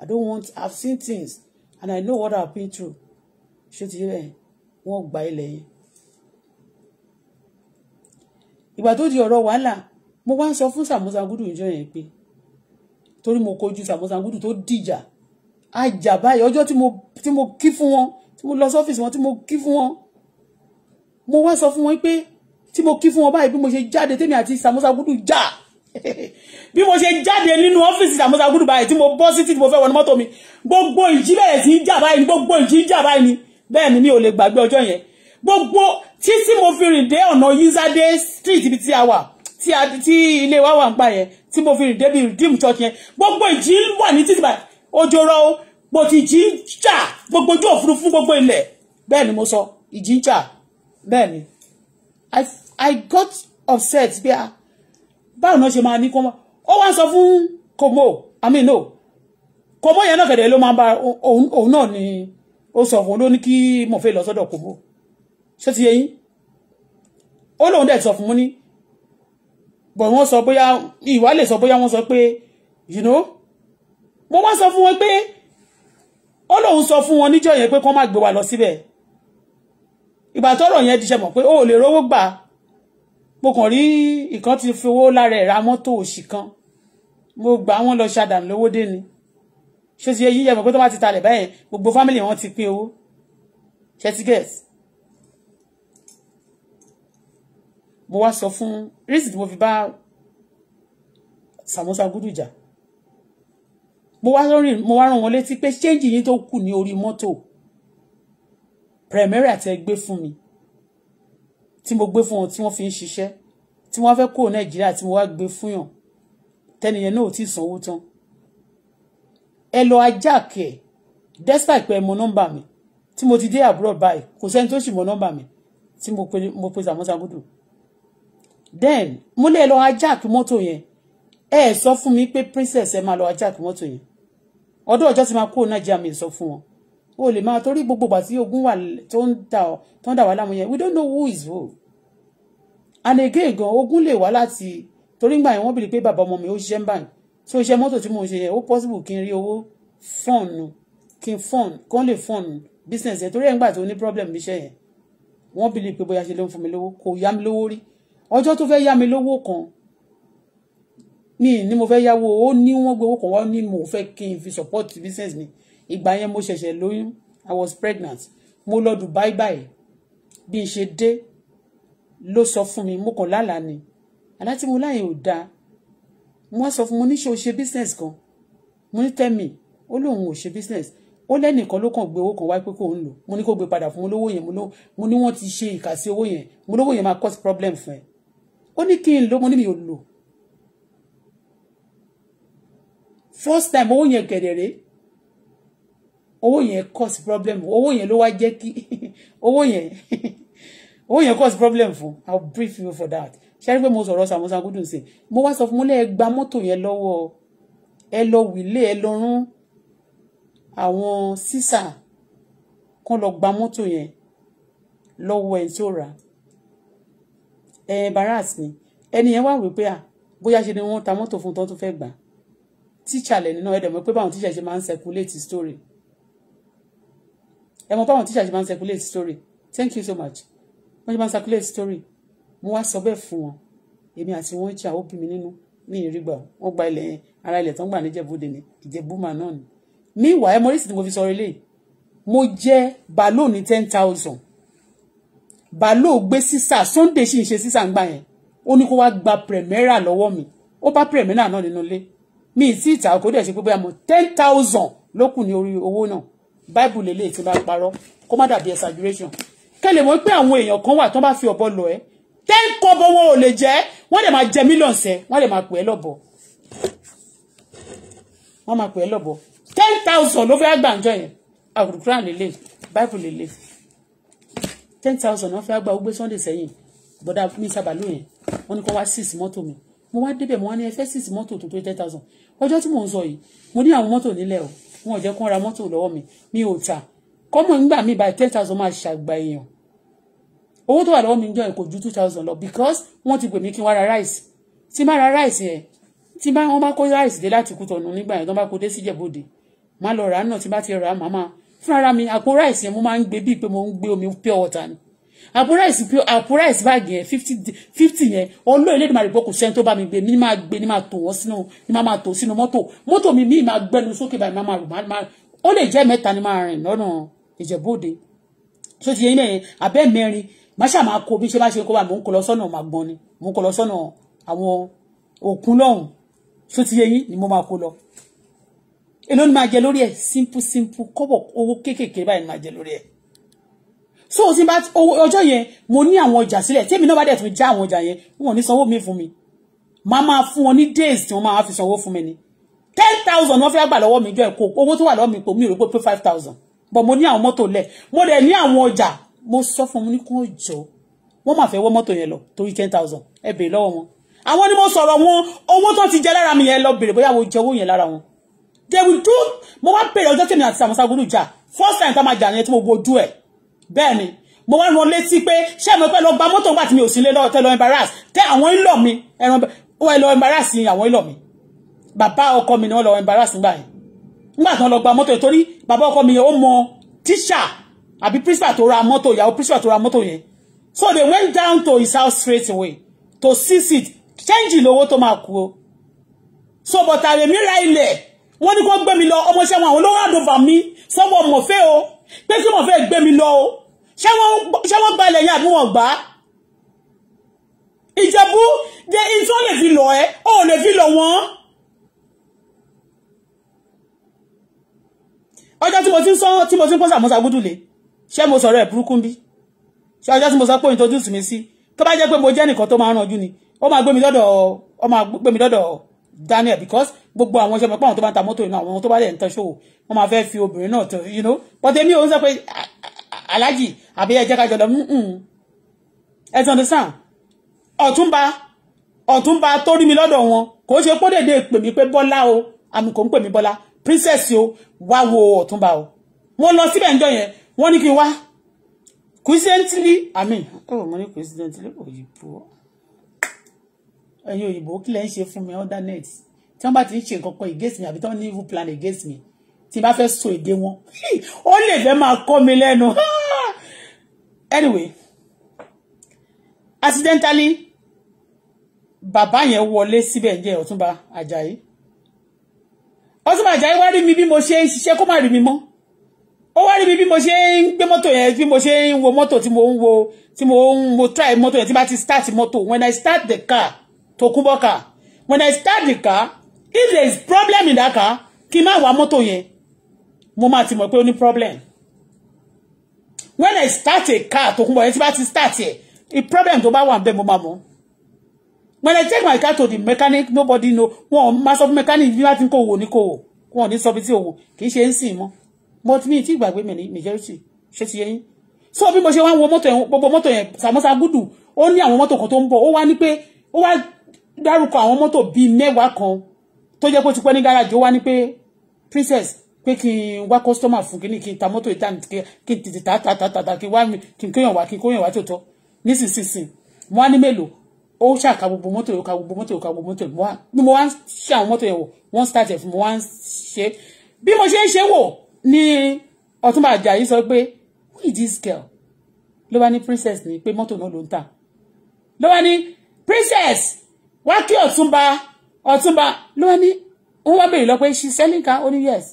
I don't want I've seen things and I know what I've been through ṣé you yé bẹ́ẹ̀ wọ́n gba ilẹ̀ yẹn. ìgbà tó di ọ̀rọ̀ wàhálà mo wan ń sọ fún sàmúsàgùdù ìjọ yẹn pé torí mo kojú sàmúsàgùdù tó dìjà àjà báyìí ọjọ́ tí mo kí fún wọn tí mo lọ sọ́fíìsì wọn tí mo kí fún wọn mo wá sọ fún wọn pé tí mo kí fún wọn báyìí bí mo ṣe jáde tèmi àti samusa gudu já bí mo ṣe jáde nínú ọ́fíìsì samusa gudu báyìí tí mo bọ́ sí tí mo fẹ́ wọnú mọ́tò mi gbogbo ìjì bẹ̀rẹ̀ sí í jà báyìí ni gbogbo ìjì ń jà báyìí ni bẹ́ẹ̀ ni mi ò lè gbàgbé ọjọ́ yẹn gbogbo tí tí mo fi rìn dé ọ̀nà yinzade street ibi tí a wà tí ilé wa wà ń pa yẹn tí mo fi rìn dé bí redeem church yẹn gbogbo ìjì wà ní títì báyìí ojo rọ mo ti jí ń jà gbogbo ojú òfurufú gbogbo ilẹ̀ bẹ́ẹ̀ ni mo sọ ìjì ń jà bẹ́ẹ̀ ni I I got upset bí a ah, báwo náà ṣe máa ní kọ́mọ́ ó wá ń sọ fún komo I mean no komo yẹn náà kẹ̀dẹ̀ ló máa ń bá òun náà ni ó sọ fún un ló ní kí mo fẹ́ lọ sọ́dọ̀ komo ṣé ti yẹ yín ó lóun dẹ̀ sọ fún mi ní bọ̀ wọ́n sọ bóyá ìwà lè sọ bóyá wọ́n sọ pé you know mo wá sọ fún wọn pé ó lóun sọ fún wọn níjọ́ yẹn pé kó má gbé wa lọ síbẹ̀ ìgbà tọ́rọ̀ yẹn ti ṣe mọ̀ pé ó lè rówó gbà mo kàn rí ìkan ti fi owó lára ẹ̀ ra mọ́tò òṣì kan mo gbà wọ́n lọ ṣàdànù lówó dé ni ṣé ti yẹ yíyẹ mọ̀ pé tó bá ti talẹ̀ báyẹn gbogbo fámìlì wọn ti pín owó ṣẹtigẹt mo wá sọ fún reason mo fi bá Samusa Gudu jà mo wá mo wá rán wọn létí pé ṣéǹjì yín tó kù ní orí mọ́tò primary àti ẹgbẹ́ fún mi tí mo gbé fún wọn tí wọ́n fi ń ṣiṣẹ́ tí wọ́n fẹ́ kúrò nàìjíríà tí mo wá gbé fún yàn tẹnìyẹn náà ò tí ì sanwó tán ẹ lọ ajá kẹ despite pé ẹ mọ nọ́mbà mi tí mo ti dé abroad báyìí kò sẹ́ni tó sì mọ nọ́mbà mi tí mo pe mo pe then mo lè lọ ajá kí mọ́tò yẹn ẹ sọ fún mi pé princess ẹ máa lọ ajá kí mọ́tò yẹn ọdún ọjọ́ ti máa kúrò nàìjíríà mi sọ fún wọn o lè máa torí gbogbo ìgbà tí ogun wà tó ń dà ọ tó ń dà wá láàmú we don't know who is who and again gan ogun lè wá láti torí ngbà yẹn wọ́n bìrì pé bàbá ọmọ mi ó ṣiṣẹ́ ń báyìí tí ó ṣe mọ́tò tí mo ń ṣe yẹn ó possible kí n rí owó fọ́ọ̀nù kí n fọ́ọ̀nù kí wọ́n lè fọ́ọ̀nù business yẹn torí ẹ̀ ń gbà tó ní problem níṣẹ́ yẹn wọ́n bìrì pé bóyá ṣe ló ń fún mi lówó kò yá mi lówó rí ọjọ́ tó fẹ́ yá mi lówó kan mi ni mo fẹ́ yáwó ó ní wọ́n gbowó kan wá ní mo fẹ́ kí n fi support business mi ìgbà yẹn mo ṣẹ̀ṣẹ̀ lóyún i was pregnant mo lọ Dubai báyìí bí n ṣe dé ló sọ fún mi mo kàn lálàá ni àlá tí mo láyè ò dáa wọ́n sọ fún mo ní ṣe o ṣe business kan mo ní tẹ́mi ó lóun ò ṣe business ó lẹ́nìkan ló kàn gbé owó kan wá pé kò ń lò mo ní kó gbé padà fún olówó yẹn mo ní wọ́n ti ṣe ìkàsí owó yẹn mo lówó yẹn máa cause problem fún ẹ ó ní kí n lò mo ní mi ò lò first time owó yẹn gẹ̀dẹ̀rẹ́ owó yẹn cause problem owó yẹn ló wá jẹ́ kí owó yẹn owó yẹn cause problem fún i will brief you for that ṣe pé mo sọ̀rọ̀ Samuel Sango Dùnsìn mo wá sọ fún mo lẹ́ẹ̀ gba mọ́tò yẹn lọ́wọ́ ẹ lọ wílé ẹ lọ rún àwọn sísà kan lọ gba mọ́tò yẹn lọ́wọ́ ẹ̀ tó rà ẹ̀ embarrass ni ẹni yẹn wá wípé à bóyá ṣe ni wọ́n ta mọ́tò fún tán tó fẹ́ gbà á tíṣà lẹ́ni náà ẹ̀dẹ̀ mọ̀ pé báwọn teacher ṣe máa ń circulate story ẹ mọ̀ báwọn teacher ṣe máa ń circulate story thank you so much wọ́n ṣe máa ń circulate story mo wá sọ bẹ́ẹ̀ fún wọn èmi àti wọn jà ó bí mi nínú ní ìrígbà wọn gba ilẹ̀ ara ilẹ̀ tó ń gbà níjẹ̀búdè ní ìjẹ̀búmà náà ni meanwhile mo rí sí ti mo fi sọ relé mo jẹ balo ní ten thousand balo gbé sísà Sunday sì ń ṣe sísà ń gbà yẹn ó ní kó wá gba Primera lọ́wọ́ mi ó bá Primera náà nínú ilé mi ì tí ì tà kó dẹ̀ ṣe pé bóyá mo ten thousand ló kù ní orí owó náà báìbù lélẹ̀ tí bá parọ́ kó má dàbí exaggeration kẹlẹ̀ mọ́ pé àwọn èèyàn kan wà tó bá fi ọ̀bọ lọ ẹ́ ten kọ́bọ̀ wọn ò lè jẹ́ wọ́n lè máa jẹ mílíọ̀n sẹ́ wọ́n lè máa pè é lọ́bọ̀ wọ́n máa pè é lọ́bọ̀ ten thousand ló fẹ́ gbàǹjọ yẹn àgùrùkúrà lélẹ̀ báìbù lélẹ̀ ten thousand wọ́n fẹ́ gbà ó gbé Sunday sẹ́yìn bọ́dà mísàbàlú yẹn wọ́n ní kó wá six mọ́tò mi mo wá débẹ̀ mo wá ní fẹ́sìsì mọ́tò tó tó ten thousand ọjọ́ tí mò ń sọ yìí mo ní àwọn mọ́tò nílẹ̀ o wọn ò jẹ́ kó ra mọ́tò lọ́wọ́ mi mi ò tà kọ́mọ̀ ń gbà mí by ten thousand máa ṣàgbà èèyàn owó tó wà lọ́wọ́ mi ń jọ kò ju two thousand lọ because wọ́n ti pè mí kí n wá ra rice tí má ra rice yẹn tí bá wọn bá kó rice dé láti Kútọ̀nù nígbà yẹn tó bá kó dé síjẹ̀bọ̀dẹ̀ má lọ rà á náà tí bá ti rà á màmá fúnra mi àpò rice yẹn mo máa ń gbé bíi pé mo ń gbé omi pure water ni àpò ráìsì àpò ráìsì báàgì yẹn fifty fifty yẹn ọlọ́ọ̀ ilé ìdìmọ̀ àdìgbò kò sẹ́ni tó bá mi gbé mi máa gbé ni máa tò wọ́n sínú ni máa máa tò sínú mọ́tò mọ́tò mi mi máa gbẹ́nu sókè báyìí máa máa rò máa ó lè jẹ́ mẹ́ta ni máa rìn lọ́nà ìjẹ́bóde tó ti yẹ yẹn abẹ́ mẹ́rin má ṣáà máa kó bí ṣe bá ṣe kó bá mò ń kó lọ sọ́nà màgbọ́n ni mò ń kó lọ sọ́nà àwọn òkun lọ́hùn tó ti yẹ yín ni mo máa kó lọ èló ni máa jẹ lórí ẹ̀ simple simple kọ́bọ̀ owó kéékèèké báyìí ni máa jẹ lórí ẹ̀ so tí n bá ọjọ́ yẹn mo ní àwọn ọjà sílẹ̀ tèmi náà bá dẹ̀ tún já àwọn ọjà yẹn wọn ní sanwó mi fún mi máa máa fún wọn days tí wọ́n máa fi sanwó fún mi ni ten thousand wọ́n fẹ́ gbà lọ́wọ́ mi jọ ẹ̀kọ́ owó tó wà lọ́wọ́ mi kò mí ò rò pé pé five thousand but mo ní àwọn mọ́tò lẹ̀ mo dẹ̀ ní àwọn ọjà mo sọ fún mi ní kó jọ wọ́n máa fẹ́ wọ́ mọ́tò yẹn lọ torí ten thousand ẹ be lọ́wọ́ wọn àwọn ni mo sọ̀rọ̀ wọn owó to ti jẹ lára mi yẹn lọ bèrè bóyá wo jẹ owó yẹn lára wọn they will do mo wá bèrè ọjọ́ tèmi àti Sàmúsà gbọ́dọ̀ jà first time tá máa jà yẹn tí mo wojú ẹ̀ bẹ́ẹ̀ ni mo wá rán létí pé ṣé mo pẹ́ lọ gba mọ́tò nígbà tí mi ò sí lé lọ́wọ́ tẹ́ lọ embarrass tẹ́ àwọn ìlọ mi ẹran wọ́n lọ embarrass àwọn ìlọ mi bàbá ọkọ mi ni wọ́n lọ embarrass nígbà yẹn nígbà tí wọ́n lọ gba mọ́tò torí bàbá ọkọ mi ó mọ tíṣà àbí principal tó ra mọ́tò ìyàwó principal tó ra mọ́tò yẹn so they went down to his house straight away to see it change lówó tó máa kú o so but àrèmí ra ilẹ̀ wọ́n ní kó gbé mi lọ ọmọọṣẹ́ wọn àwọn ló rádùn bà mí sọ́wọ́ mọ̀fẹ́ o pé kí mọ̀fẹ́ gbé mi lọ o ṣé wọ́n gba ilẹ̀ yẹn àbí wọ́n gbà á ìjẹ̀bú de ìtọ́ lè fi lọ ẹ́ ó lè fi lọ wọ́n. ọjọ́ tí mo ti ń sọ tí mo ti ń pọ́sà mọ́sà gúdùlé ṣé mo sọ̀rọ̀ ẹ̀ burúkú bí ṣé ọjọ́ tí mo sọ pé òyìn tó dùn sí mi sí tó bá jẹ́ pé mo jẹ́ nìkan tó máa ń ranjú ni ó máa gbé mi dọ́dọ̀ ó máa gbé mi dọ́dọ̀ Daniel because gbogbo àwọn iṣẹ́ mọ̀pá àwọn tó bá ń ta mọ́tò iná àwọn tó bá lẹ̀ ń tán ṣòwò wọ́n máa fẹ́ fi obìnrin náà tán you know but èmi ò ń sọ pé alájì àbí ẹjẹ́ kájọ lọ ẹ ti understand ọ̀túnba ọ̀túnba tó rí mi lọ́dọ̀ wọn kò ṣe pọ́ dèdè pè mí pé bọ́lá o àmì kò ń pè mí bọ́lá princess o wá wo ọ̀túnba o mo lọ síbẹ̀ ńjọ́ yẹn wọ́n ní kí n wá coincidentally i mean oh mo ní coincidentally òyìnbó ẹ̀yin òyìnbó kí lẹ ń ṣe fún mi under net tí wọ́n bá ti ń ṣe nǹkan kan against me àbí tí wọ́n ní evil plan against me tí bá fẹ́ sọ èdè wọn ó lè fẹ́ máa kọ́ mi lẹ́nu anyway accidentally bàbá yẹn wọlé síbẹ̀ jẹ́ ọ̀túnba ajayi ọ̀túnba ajayi wá rí mi bí mo ṣe ń ṣiṣẹ́ kó má rí mi mọ́ ó wá rí mi bí mo ṣe ń gbé mọ́tò yẹn bí mo ṣe ń wo mọ́tò tí mo ń wo tí mo ń mo try mọ́tò yẹn tí bá ti start mọ́tò when i start the car to kúbọ́ car when i start the car if there is problem in that car kí n má wa mọ́tò yẹn mo máa ti mọ̀ pé ó ní problem when I start a car Tòkunbọ̀ yẹn tí bá ti start ẹ̀ the problem tó bá wà bẹ́ẹ̀ mo máa mọ̀ when I take my car to the mechanic nobody know wọn máa sọ fún mechanic bí wọ́n ti ń kó owó ní kó o wọn ò ní sọ bí tí owó kì í ṣe ń sìn mọ́ but mi ti gbàgbé mi ní majority ṣé ti yẹ yín so bí mo ṣe wá ń wo mọ́tò yẹn gbogbo mọ́tò yẹn samosa gudu ó ní àwọn mọ́tò kan tó ń bọ̀ ó wá ní pé ó wá dárúkọ àwọn mọ́tò bíi mẹ́wàá kan tó jẹ́ pé ó ti pẹ́ ní gáràjì ó wá ní pé princess pé kí n wá kọ́sítọ́mà fún kí ní kí n ta mọ́tò ìta kí n tètè ta ta ta ta ta kí n wá kí n kéèyàn wá kí n kóyàn wá tòótọ́ nísinsìnyí wọ́n á ní mélòó ó ṣàka gbogbo mọ́tò yòó gbogbo mọ́tò yòó gbogbo mọ́tò yòó ni mo wá ṣe àwọn mọ́tò yẹn wò wọ́n start ẹ̀ fún mo wá ń ṣe bí mo ṣe ń ṣe wò ní Ọ̀túnba Àjàyí sọ pé who is this girl ló wá ní princess ni pé mọ́tò náà ló ń tà ló wá ní princess wá kí Ọ̀túnba Ọ̀túnba ló wá ní wọ́n wá béèrè lọ pé she selling car only yes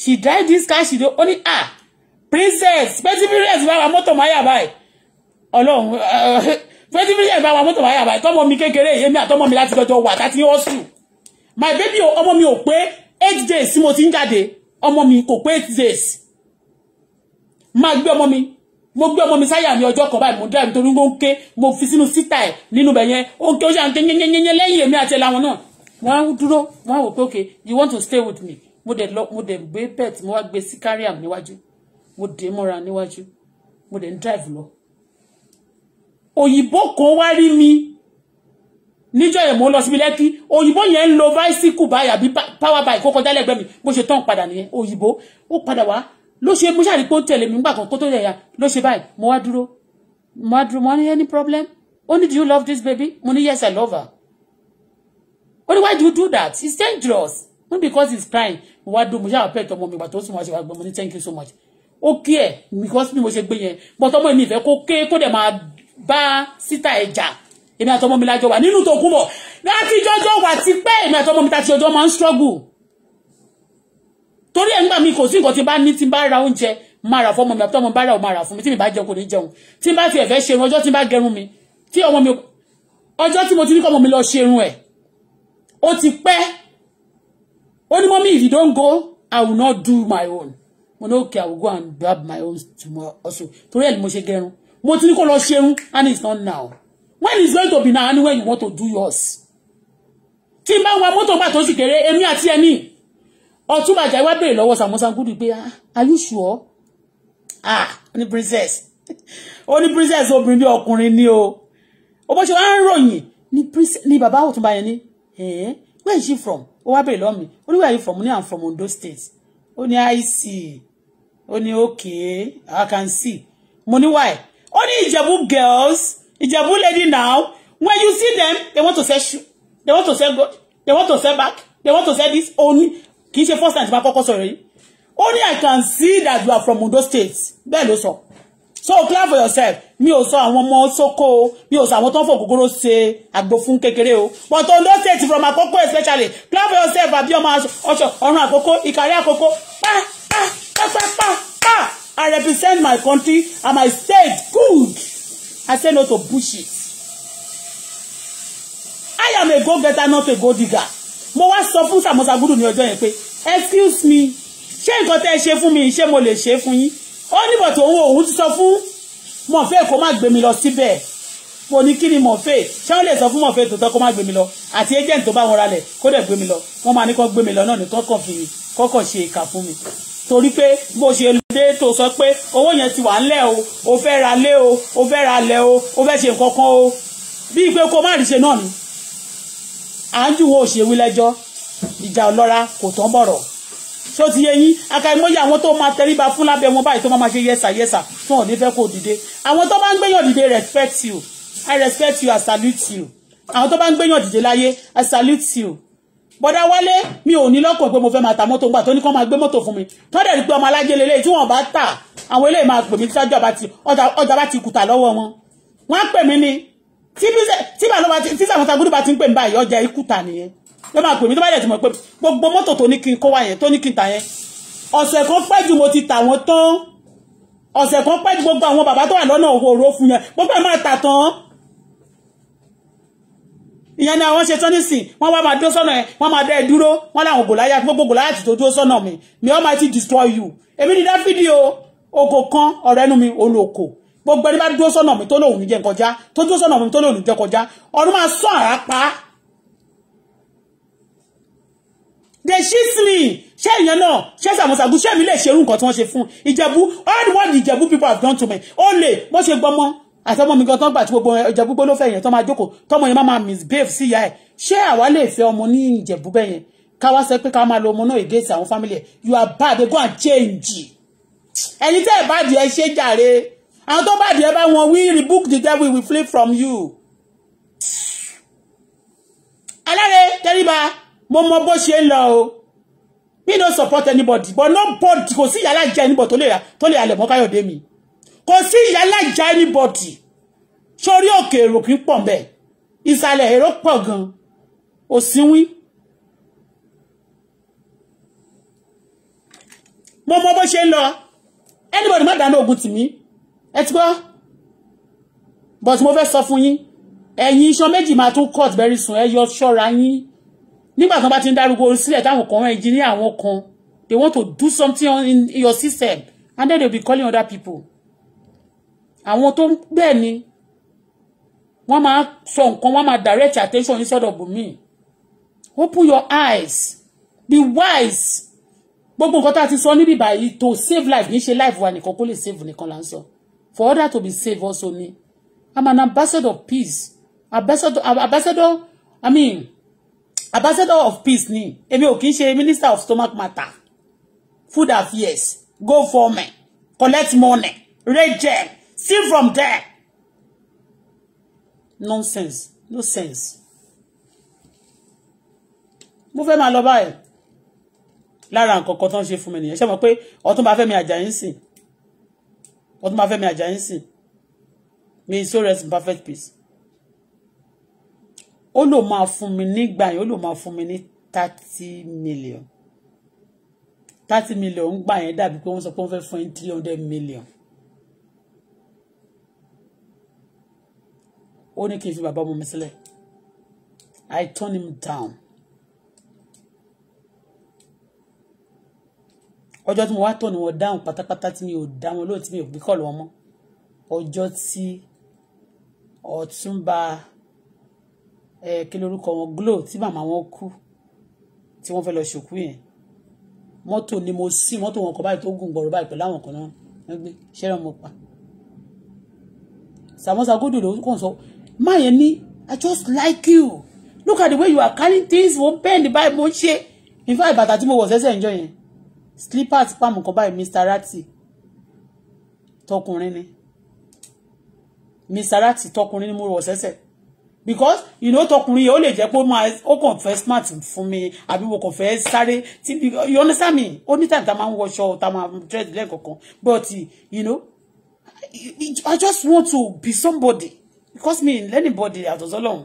she drive this car she don only ah princess twenty million bá wa mọ́tò máa yà báyìí ọlọ́run twenty million bá wa mọ́tò máa yà báyìí tọ́mọ mi kékeré èmi àtọ́mọ mi láti gbẹjọ wà láti ọ̀sù my baby ọmọ mi ò pé eight days tí mo ti ń jáde ọmọ mi kò pé eight days máa gbé ọmọ mi mo gbé ọmọ mi sáyà ní ọjọ́ kan báyìí mo dáa nítorí ó ń ké mo fi sínú síta ẹ̀ nínú bẹ̀ yẹn ó ń ké ó ṣe à ń ké yẹnyẹnyẹnyẹ lẹ́yìn èmi àti ẹ̀ làwọn náà wọ́n dúró wọ́n wò pé okay you want to stay with me mo dẹ̀ lọ mo dẹ̀ gbé pet mo wá gbé sí carrier níwájú mo dé mọ́ra níwájú mo dẹ̀ ń drive lọ òyìnbó kan wá rí mi níjọ́ yẹn mo lọ síbi lẹ́kí òyìnbó yẹn ń lo bicycle báyìí àbí power bike kó kọjá lẹ́gbẹ̀ẹ́ mi bó ṣe tán padà nìyẹn òyìnbó ó padà wá ló ṣe mo ṣàrí pé ó tẹ̀lé mi nígbà kan kó tó yẹ̀yà ló ṣe báyìí mo wá dúró mo wá dúró mo ní any problem Only do you love this baby mo ní yes I love her ó ní why do you do that it's dangerous not because he's crying mo wá dó mo ṣáà to tọmọ mi ìgbà tó sùn wá ṣe wá gbọ́ mo ní thank you so much ó kí ẹ̀ because bí mo ṣe gbé yẹn but ọmọ mi ìfẹ́ kó ké kó dẹ̀ máa bá síta ẹ̀jà èmi àtọmọ mi lájọ wà nínú tó kún bọ̀ láti jọjọ wà ti pẹ́ èmi àtọmọ mi tàti ọjọ́ máa ń struggle torí ẹ̀ ń gbà mí kò sí nǹkan tí bá ní tí bá ra oúnjẹ máa rà fọmọ mi àtọmọ mi bá rà ò máa rà fún mi tí mi bá jẹun kò ní jẹun tí bá tiẹ̀ fẹ́ ṣe irun ọjọ́ tí bá gẹrun mi tí ọmọ mi ọjọ́ tí mo ti ní kọ́ ọmọ mi lọ ṣe irun ẹ̀ ó ti pẹ́ ó ní mọ́mí if you don't go i will not do my own mo ní okay i will go and grab my own tomorrow also torí ẹ̀ ni mo ṣe gẹrun mo ti ní kó lọ ṣerun and it's not now when it's going to be now anywhere you want to do yours tí n bá wa mọ́tò gbà tó sì kéré èmi àti ẹni ọ̀túnbàjà wá béèrè lọ́wọ́ sàmúsàngúdù pé ah, are you sure ah ní princess ó ní princess obìnrin bí ọkùnrin ni o ó bó ṣe wá ń ròyìn ní bàbá ọ̀túnbà yẹn ní where is she from ó wá bèrè lọ́wọ́ mi ó ní where you from ní I'm from Ondo state ó ní I see ó ní okay I can see mo ní why ó ní Ìjẹ̀bú girls Ìjẹ̀bú lady now when you see them they want to sell shoe they want to sell gold they want to sell back they want to sell this only kì í ṣe first time tí wọ́n kọ́kọ́ sọ̀rọ̀ yìí ó ní I can see that you are from Ondo state bẹ́ẹ̀ ló sọ. So so clap for yourself mi ò sọ àwọn ọmọ sóko o mi ò sọ àwọn tó ń fò kòkòrò ṣe àgbo fún kékeré o but Ondo State from Akoko especially clap for yourself àbí ọmọ ọṣọ ọrùn Akoko Ìkàrẹ́ Akoko pa pa pa pa pa I represent my country and my state good I say no to bullshit I am a go-getter not a go-digger mo wá sọ fún Samusa Gudu ní ọjọ́ yẹn pé excuse me ṣé nǹkan tẹ́ ẹ ṣe fún mi ṣé mo lè ṣe fún yín ó nígbà tó ń wo òun ti sọ fún mọ̀fẹ́ kó má gbé mi lọ síbẹ̀ mo ní kí ni mọ̀fẹ́ ṣé wọ́n lè sọ fún mọ̀fẹ́ tòótọ́ kó má gbé mi lọ àti agent tó bá wọn ralẹ̀ kó dẹ̀ gbé mi lọ wọ́n máa ní kó gbé mi lọ náà ní kọ́kọ́ fi kọ́kọ́ ṣe ìkà fún mi torí pé bó ṣe dé tó sọ pé owó yẹn ti wà ńlẹ̀ o o fẹ́ ra lé o o fẹ́ ra lẹ̀ o o fẹ́ ṣe nǹkan kan o bíi pé kó má rí ṣe náà ni à ń jùwọ́ òṣèwí lẹ́jọ́ ìjà ọlọ́ra kò tán bọ̀rọ̀ ṣó ti yẹ yín àkàìmọye àwọn tó máa tẹríba fún lábẹ́ wọn báyìí tó máa ṣe yẹsà yẹsà fún ọ̀dẹ́ fẹ́ kó dìde àwọn tó bá ń gbéyàn dìde respect you I respect you I salute you àwọn tó bá ń gbéyàn dìde láyé I salute you bọ́dá wálé mi ò ní lọ́kàn pé mo fẹ́ máa ta mọ́tò ńgbà tó ní kán máa gbé mọ́tò fún mi tó dẹ̀ rí pé ọmọ alájẹ lélẹ̀ tí wọ́n bá tà àwọn eléyìí máa pè mí tí ọjà bá ti kùtà lọ́wọ́ wọn wọ́n á pè mí ni tí sàmọ́tàgúdù bá ti ń pè mí báyìí ọjà ikú nìyẹn ló máa pè mí tó bá yẹ ti mọ̀ pé gbogbo mọ́tò tó ní kí n kó wá yẹn tó ní kí n tà yẹn ọ̀sẹ̀ kan pẹ́ ju mo ti tà wọ́n tán ọ̀sẹ̀ kan pẹ́ ju gbogbo àwọn bàbá tó wà lọ́nà òhòrò fún yẹn gbogbo ẹ̀ máa tà tán ìyẹn ni àwọn ṣe tán nísìn wọ́n wá máa dúró sọ́nà ẹ̀ wọ́n máa dá ẹ dúró wọ́n láwọn gòláyà gbogbo gòláyà tó dúró sọ́nà mi mi ọ́ máa ti destroy you èmi ni dáfídì o oko kan ọ̀rẹ́ nu mi olóko gbogbo ẹni bá dúró sọ́nà mi tó lòun jẹ kọjá tó dúró sọ́nà mi tó lòun jẹ kọjá ọdún máa sọ àrá pa á they cheat me ṣé èèyàn náà ṣé sàmùsàgù ṣé èmi lè ṣe irú nǹkan tí wọ́n ṣe fún ìjẹ̀bú all the one ìjẹ̀bú people have done to me Only. lè wọ́n ṣe gbọmọ àtọmọ mi gan tán gbà tí gbogbo ìjẹ̀bú gbóló fẹ́ yẹn tán máa jókòó tọmọ yẹn má máa misbehave sí ìyá ẹ̀ ṣé àwa lè fẹ́ ọmọ ní ìjẹ̀bú bẹ́ẹ̀ yẹn káwá sọ pé ká máa lo ọmọ náà against àwọn family you are bad they go and change ẹni tẹ́ ẹ̀ bá di ẹ ṣe jàre àwọn tó bá di ẹ we rebuke the devil we flee from you. Alare. Teriba mo mọ bó ṣe lọ o me no support anybody but nobody kò sí ìyálà jẹ anybody tó lè tó lè alẹ̀ mọ́ káyọ̀dé mi kò sí ìyálà anybody sórí òkè èrò kì í pọ̀ mbẹ́ ìsàlẹ̀ èrò pọ̀ gan òsínwín mo mọ bó ṣe ń lọ anybody má dáná ogun tì mí ẹ ti gbọ́ but mo fẹ́ sọ fún yín ẹ̀yin iṣan méjì máa tún cut very soon ẹ yọ ṣọ́ra yín nígbà kan bá ti ń dárúgbó sílẹ̀ táwọn kan ẹnjìníà àwọn kan they want to do something in your system and then they be calling other people àwọn tó ń bẹ́ẹ̀ ni wọ́n máa sọ nǹkan wọ́n máa direct your attention instead of me open your eyes be wise gbogbo nǹkan tá a ti sọ níbí báyìí to save life kì í ṣe life wa nìkan kó lè save nìkan là ń sọ for order to be saved also ni i'm an ambassador of peace ambassador ambassador i mean ambassador of peace ni èmi ò kì í minister of stomach matter food affairs go for me collect money rate See from there. nonsense no sense mo fẹ́ máa lọ báyìí lára nǹkan kan tó ń ṣe fún mi nìyẹn ṣé mo pé ọtún bá fẹ́ mi àjà yín sìn ọtún bá fẹ́ mi àjà yín sìn may rest in perfect peace ó lò máa fún mi nígbà yẹn ó lò máa fún mi ní thirty million thirty million ń gbà yẹn dàbí pé wọ́n sọ pé wọ́n fẹ́ fún ẹ three hundred million. ó ní kí n fi bàbá ọmọ mi sílẹ̀ I turn him down. ọjọ́ tí mo wá tọ̀ ni wọ́n dáhùn pátápátá tí mi ò dá wọn lóòótọ́ mi ò gbé kọ̀ lọ́wọ́ mọ́ ọjọ́ tí ọ̀túnba Eh, kí lorúkọ wọn Glo tí màmá wọn kú tí wọ́n fẹ́ lọ ṣòkú yẹn mọ́tò ni mo sí mọ́tò wọn kan báyìí tó gùn gbọ̀rọ̀ báyìí pẹ̀lú àwọn kan náà wọ́n gbé ṣẹ́rẹ̀ mo pa samosa godo ló kàn sọ má yẹn ní I just like you look at the way you are carrying things mo bend báyìí mo ṣe in fact bàtà tí mo wọ̀ sẹ́sẹ̀ ń jọ yẹn slippers pàmò kan báyìí Mr. Ratty tọkùnrin ni Mr. Ratty tọkùnrin ni mo wọ̀ sẹ́sẹ̀ because you know tọkùnrin yẹn ó lè jẹ́ pé ó kàn fẹ́ smart fún mi àbí mo kàn fẹ́ sáré tí you understand me ó ní tàbí tá máa ń wọṣọ tá máa ń dress lẹ́ẹ̀kọ̀kan but you know I just want to be somebody because me anybody àtọ̀ sọ́lọ́hún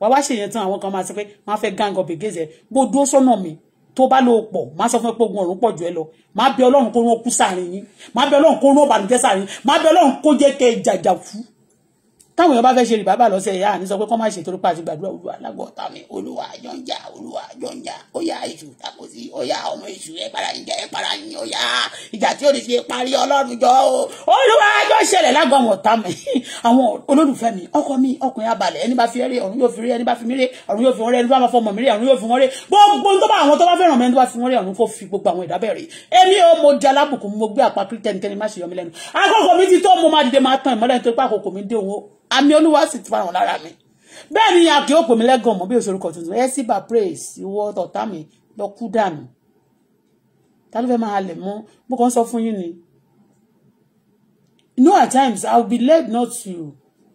wàá wá ṣèyẹn tán àwọn kan máa sọ pé máa fẹ́ gang up against ẹ̀ do so sọ́nà mi tó bá lò pọ̀ máa sọ fún ẹ pé ogun ọ̀run pọ̀ jù ẹ lọ máa bẹ ọlọ́run kó rán kú sáàrin yín máa bẹ ọlọ́run kó rán ọ̀bànújẹ́ sáàrin máa bẹ ọlọ́run kó jẹ́ kẹ́ jàjà fún táwọn èèyàn bá fẹ́ ṣe rìbá bà lọ́sẹ̀ ìyá àní sọ pé kọ́ máa ṣe torí pàṣẹ gbàdúrà olúwa lágbo ọ̀tá mi olúwa àjọ ń jà olúwa àjọ ń jà ó yá èṣù tako sí ó yá ọmọ èṣù ẹ para yín jẹ ẹ para yín ó yá ìjà tí ó lè fi parí ọlọ́run jọ o olúwa àjọ ṣẹlẹ̀ lágbo àwọn ọ̀tá mi àwọn olólùfẹ́ mi ọkọ mi ọkùnrin abalẹ̀ ẹni bá fi rere ọ̀run yóò fi rere ẹni bá fi mire ọ̀run yóò fi wọn rere ọ̀run yóò fi wọn rere àmì olúwa sì ti farahàn lára mi bẹ́ẹ̀ ni àkè ó pè mí lẹ́gàn mọ́ bí òṣèrúkọ tuntun ẹ sì bá praise ìwọ ọ̀tá mi lọ kú dànù ta ló fẹ́ máa halẹ̀ mọ́ mo kàn ń sọ fún yín ni no at times i will be led not to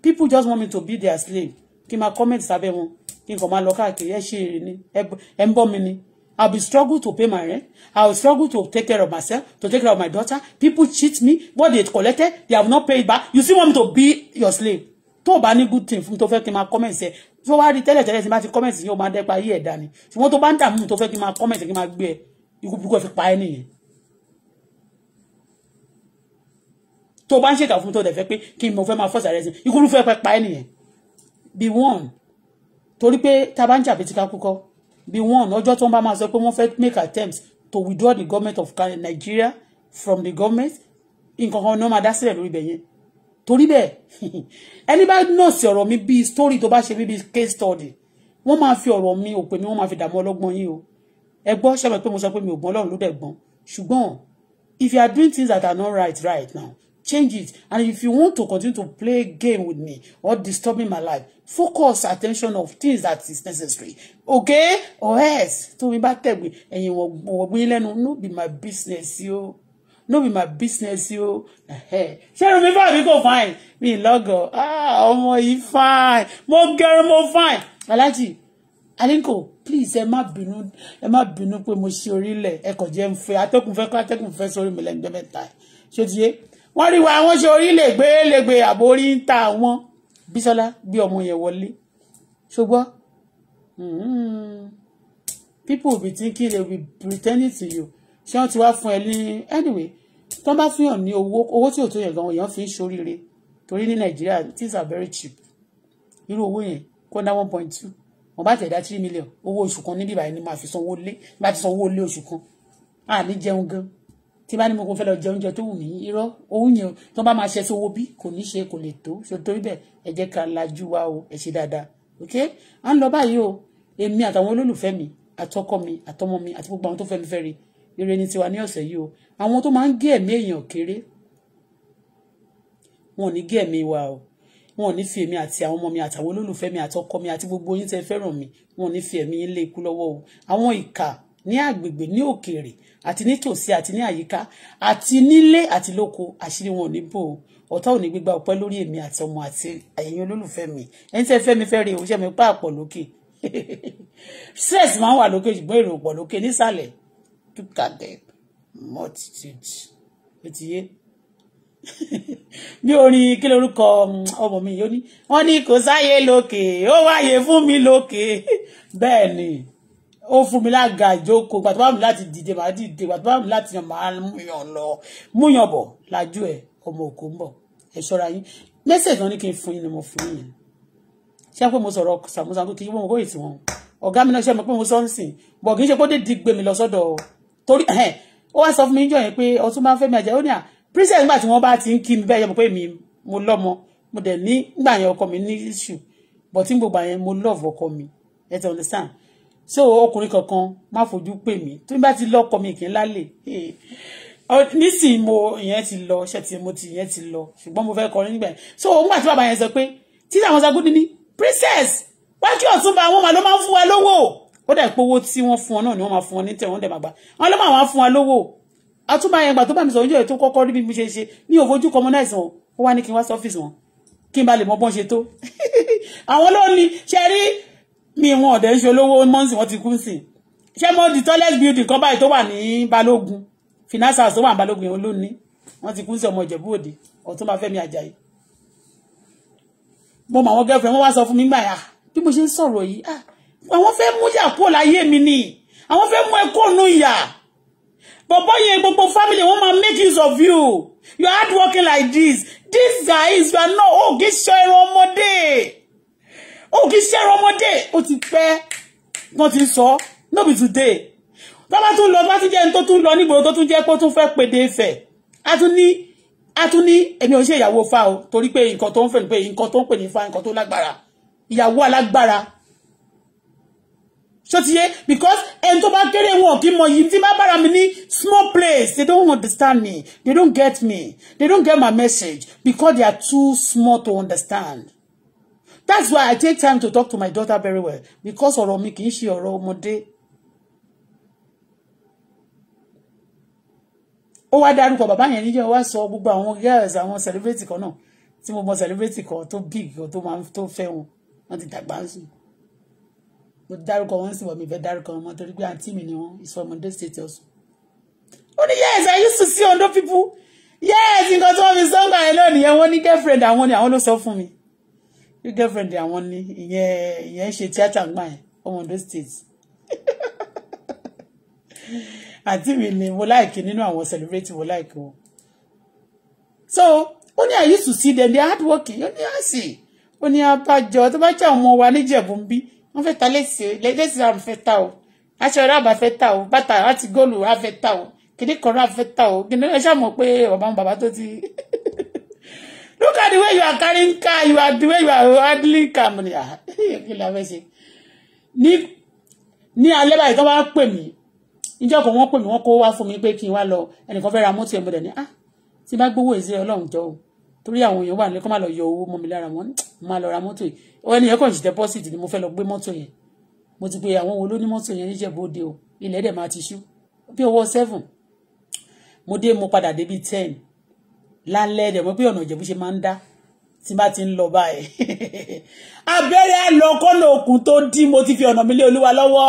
people just want me to be their slave kí n máa comment sábẹ́ wọn kí n kàn máa lọ káàkiri ẹ ṣe èrè ni ẹ ń bọ́ mi ni i will struggle to pay my rent i will struggle to take care of myself to take care of my daughter people cheat me what they collected they have not paid back you still want me to be your slave tó bá ní good thing fún mi tó fẹ́ kí n máa comment ẹ tó wá rí tẹ́lẹ̀ tẹ́lẹ̀ tí n bá ti comment yóò máa dẹ́pa ayé ẹ̀dá ni ṣùgbọ́n tó bá ń dààmú tó fẹ́ kí n máa comment kí n máa gbé ẹ ikú burúkú ẹ fi pa ẹ nìyẹn. tó bá ń ṣèkà fún mi tó dẹ̀ fẹ́ pé kí n mo fẹ́ máa force rẹ̀ sí ikú burúkú ẹ fẹ́ pa ẹ nìyẹn. be one torí pé ta bá ń jà bìtìkà kúkọ be one ọjọ́ tó ń bá máa sọ pé wọ́n fẹ́ make attempts to withdraw the government of Nigeria from the government nǹkan kan ní wọ́n máa dá sílẹ̀ lórí ibẹ̀ yẹn torí bẹ́ẹ̀ ẹni bá nọ̀ọ̀sì ọ̀rọ̀ mi bíi story tó bá ṣe bíi case study wọ́n máa fi ọ̀rọ̀ mi òpè mi wọ́n máa fi dààmú ọlọ́gbọ́n yín o ẹ gbọ́ ṣẹ́mi pé mo sọ pé mi ò gbọ́n ọlọ́run ló dẹ̀ gbọ́n ṣùgbọ́n if you are doing things that are not right right now change it and if you want to continue to play game with me or disturbing my life focus attention of things that is necessary okay or else tó mi bá tẹ̀gbìn ẹ̀yìn wọ̀gbìn lẹ́nu no be my business yóò no be my business o ṣé irun mi fà mí kò fine mi lọ́gọ̀ ah, ọmọ yìí fine mo gẹrun mo fine aláàjì alinko please ẹ má bínú ẹ má bínú pé mo ṣe orílẹ̀ ẹ kò jẹ́ ń fẹ́ atẹ́kùn fẹ́ kọ́ atẹ́kùn fẹ́ sórí mi lẹ́nu mẹ́ta ṣé ti yé wọ́n rí wa wọ́n ṣe orílẹ̀ gbélégbé àbórí ń ta wọn bísọ́lá gbé ọmọ yẹn wọlé ṣùgbọ́n hmm, hmm. people will be thinking they will be pretending to you ṣé wọ́n ti wá fún ẹ ní anyway tó bá fún yàn ní owó owó tí ò tó yẹn gan èèyàn fi ń ṣoríire torí ní nàìjíríà things are very cheap irú owó yẹn kó ná one point two wọ́n bá tẹ̀dá three million owó oṣù kan níbí báyìí ni máa fi sanwó lé bá ti sanwó lé oṣù kan à ní jẹun gan tí bá ní mo kò fẹ́ lọ jẹ oúnjẹ tó wù mí irọ́ oúnjẹ tó bá máa ṣe sí owó bí kò ní ṣe kò lè tó ṣe torí bẹ́ẹ̀ ẹ jẹ́ ká lajú wa o ẹ ṣe dáadáa ok à ń lọ báyìí o èmi àtàwọn olólùfẹ́ mi àtọkọ mi àtọmọ mi àti gbogbo àwọn tó fẹ́ mi fẹ́ rí i ire ni tiwa ní ọ̀sẹ̀ yìí o àwọn tó máa ń gé ẹ̀mí èèyàn kéré wọn ò ní gé ẹ̀mí wa o wọn ò ní fi èmi àti àwọn ọmọ mi àtàwọn olólùfẹ́ mi àtọkọ mi àti gbogbo yín tẹ fẹ́ràn mi wọn ò ní fi ẹ̀mí yín lé ikú lọ́wọ́ o àwọn ìkà ní àgbègbè ní òkèèrè àti nítòsí àti ní àyíká àti nílé àti lóko àṣírí wọn ò ní bò ó ọ̀tá ò ní gbígba ọpẹ́ lórí èmi àti ọmọ àti ẹ̀yin olólùfẹ́ mi ẹni tẹ́ fẹ́ mi fẹ́ rí òṣèmi pàápọ̀ lókè stress máa ń wà lókè ṣùgbọ́n èrò pọ̀ lókè nísàlẹ̀ look at them multitude ó ti yé bí orin kí lorúkọ um, ọmọ mi yóò ní wọ́n ní kò sáyé lókè ó wáyé fún mi lókè bẹ́ẹ̀ ni ó fún mi lága ìjókòó gbàtọ́ bá mi láti dìde màá dìde gbàtọ́ bá mi láti yàn máa múyàn lọ múyàn bọ̀ lájú ẹ̀ ọmọ òkú ń bọ̀ ẹ ṣọ́ra yín mẹ́sẹ̀jì wọn ní kí n fún ni mo fún yín ṣé pé mo sọ̀rọ̀ sàmúsàmú kí n kó ìtì wọn ọ̀gá mi náà ṣe mọ̀ pé mo sọ́nsìn bọ̀ kì í ṣe pé ó dé di gbèmí lọ sọ́dọ̀ torí ó wá sọ fún mi níjọ́ yẹn pé ọtún máa ń fẹ́ mi àjẹ ó ní à princess nígbà tí wọ́n bá ti ń kí mi bẹ́ẹ̀ yẹ mọ̀ pé mi mo lọ́mọ mo dẹ̀ ní gbà yẹn ọkọ mi ní issue but ní gbogbo àyẹn mo love ọkọ mi ẹ ti understand so ọkùnrin kankan má fojú pè mí tó ní bá ti lọ́kọ mi kì í lálẹ́ nísìnyí mo ìyẹn ti lọ ṣe ti mo ti ìyẹn ti lọ ṣùgbọ́n mo fẹ́ kọrin nígbà so nígbà tí bàbá yẹn sọ pé títà wọn sagúdí ní princess wájú ọ̀túnba àwọn màá ló máa ń fún wa lówó ó dẹ̀ pé owó tí wọ́n fún ọ náà ni wọ́n máa fún ọ ní tẹ̀wọ́n dẹ̀ máa gbà wọ́n ló máa wá fún wa lówó àtúbà yẹn gbà tó bá mi sọ̀rọ̀ níjọ́ tó kọ́kọ́ rí bí mo ṣe ṣe ní òfojú commonize wọn ó wá ní kí n wá sọ́fíìsì wọn kí n bá lè mọ bọ́n ṣe tó àwọn ló ní ṣe rí mi wọn ọ̀dẹ̀ ń ṣe olówó mọ́ǹsì wọn ti kú sí ṣé mo di toilet building kan báyìí tó wà ní balógun finance house tó wà ní balógun yẹn ló ní wọn ti kú sí ọmọ ìjẹ̀bú òde ọ̀tún bá fẹ́mi àjàyí mo mọ àwọn girlfriend wọn wá sọ fún mi gbà yà ah, bí mo ṣe ń sọ̀rọ̀ yìí ah àwọn fẹ́ mú yà kó láyé mi ni àwọn fẹ́ mú ẹ kó nu yà bọ̀bọ̀ yẹn gbogbo family wọ́n máa make use of you you are hard working like this this guy is you are not ó oh, kì í ṣe ẹran ọmọdé ó oh, kì í ṣe ẹran ọmọdé ó ti pẹ́ wọ́n ti sọ no be today bàbá tún lọ bá tún jẹ́ ẹni tó tún lọ nígboro tó tún jẹ́ pé ó tún fẹ́ pèdè ìfẹ́ a tún ní a tún ní èmi ò ṣe ìyàwó fa o torí pé nǹkan tó ń fẹ́ ni pé nǹkan tó ń pè ní fa nǹkan tó lágbára ìyàwó alágbára ṣó ti because ẹni tó bá kéré wọn kì í mọ yìí tí bá mi ní small place they don't understand me they don't get me they don't get my message because they are too small to understand that's why I take time to talk to my daughter very well because ọ̀rọ̀ mi kì í ṣe ọ̀rọ̀ ọmọdé. ó wá dárúkọ bàbá yẹn níjẹ́ wá sọ gbogbo àwọn girls àwọn celebrity kan náà tí mo mọ celebrity kan tó big kan tó máa ń tó fẹ́ wọn ti dàgbà ń mo dárúkọ wọn sì wọ mi fẹ́ dárúkọ wọn mọ́ torí pé àǹtí mi ni wọn is from Ondo state ọ̀sùn. ó ní yes I used to see Ondo people yes nǹkan tí wọ́n fi sọ́ńgà yẹn náà nìyẹn wọ́n ní girlfriend àwọn ni àwọn ló sọ fún mi ní girlfriend àwọn ni ìyẹn ìyẹn ṣe tíátà gbà yẹn ọmọ Ondo state àǹtí mi ni mo láìkí nínú àwọn celebrate mo láìkí wọn. so ó ní I used to see them they hard working ó ní àsì ó ní abájọ tó bá jẹ́ àwọn ọmọ wa níjẹ̀bú ń bí wọ́n fẹ́ ta lẹ́sì lẹ́sì àwọn fẹ́ ta o aṣọ ọ̀rẹ́ àbá fẹ́ ta o bàtà àti góòlù á fẹ́ ta o kìnnì kan náà fẹ́ ta o kìnnì ẹ ṣàmọ̀ pé ọ̀bá àwọn bàbá tó ti look at the way you are carrying car you are the way you are handling car mo ní à ah, kí la fẹ́ ṣe ní ní alẹ́ báyìí tó bá pè mí ìjọ kan wọ́n pè mí wọ́n kó wá fún mi pé kí n wá lọ ẹnìkan fẹ́ ra mọ́tò ẹ̀ mọ́tò ẹ̀ ní ah tí bá gbowó ìṣe ọlọ́run jọ o torí àwọn èèyàn wà lẹ́kọ́ má lọ yọ owó mọ́ mi lára wọn má lọ ra mọ́tò yìí ọwọ́ ẹni yẹn kàn ṣe deposit ni mo fẹ́ lọ gbé mọ́tò yẹn mo ti pe àwọn wo ló mọ́tò yẹn níjẹ̀bọ́dé o ilẹ̀ dẹ̀ máa ti ṣú bí owó seven mo dé mo padà débi ten lálẹ́ dẹ̀ mo pé ọ̀nà ìjẹ̀bú ṣe máa ń dá tí bá ti ń lọ báyìí abẹ́rẹ́ àlọ́ kọ́nà òkun tó dín mo ti fi ọ̀nà mi lé olúwa lọ́wọ́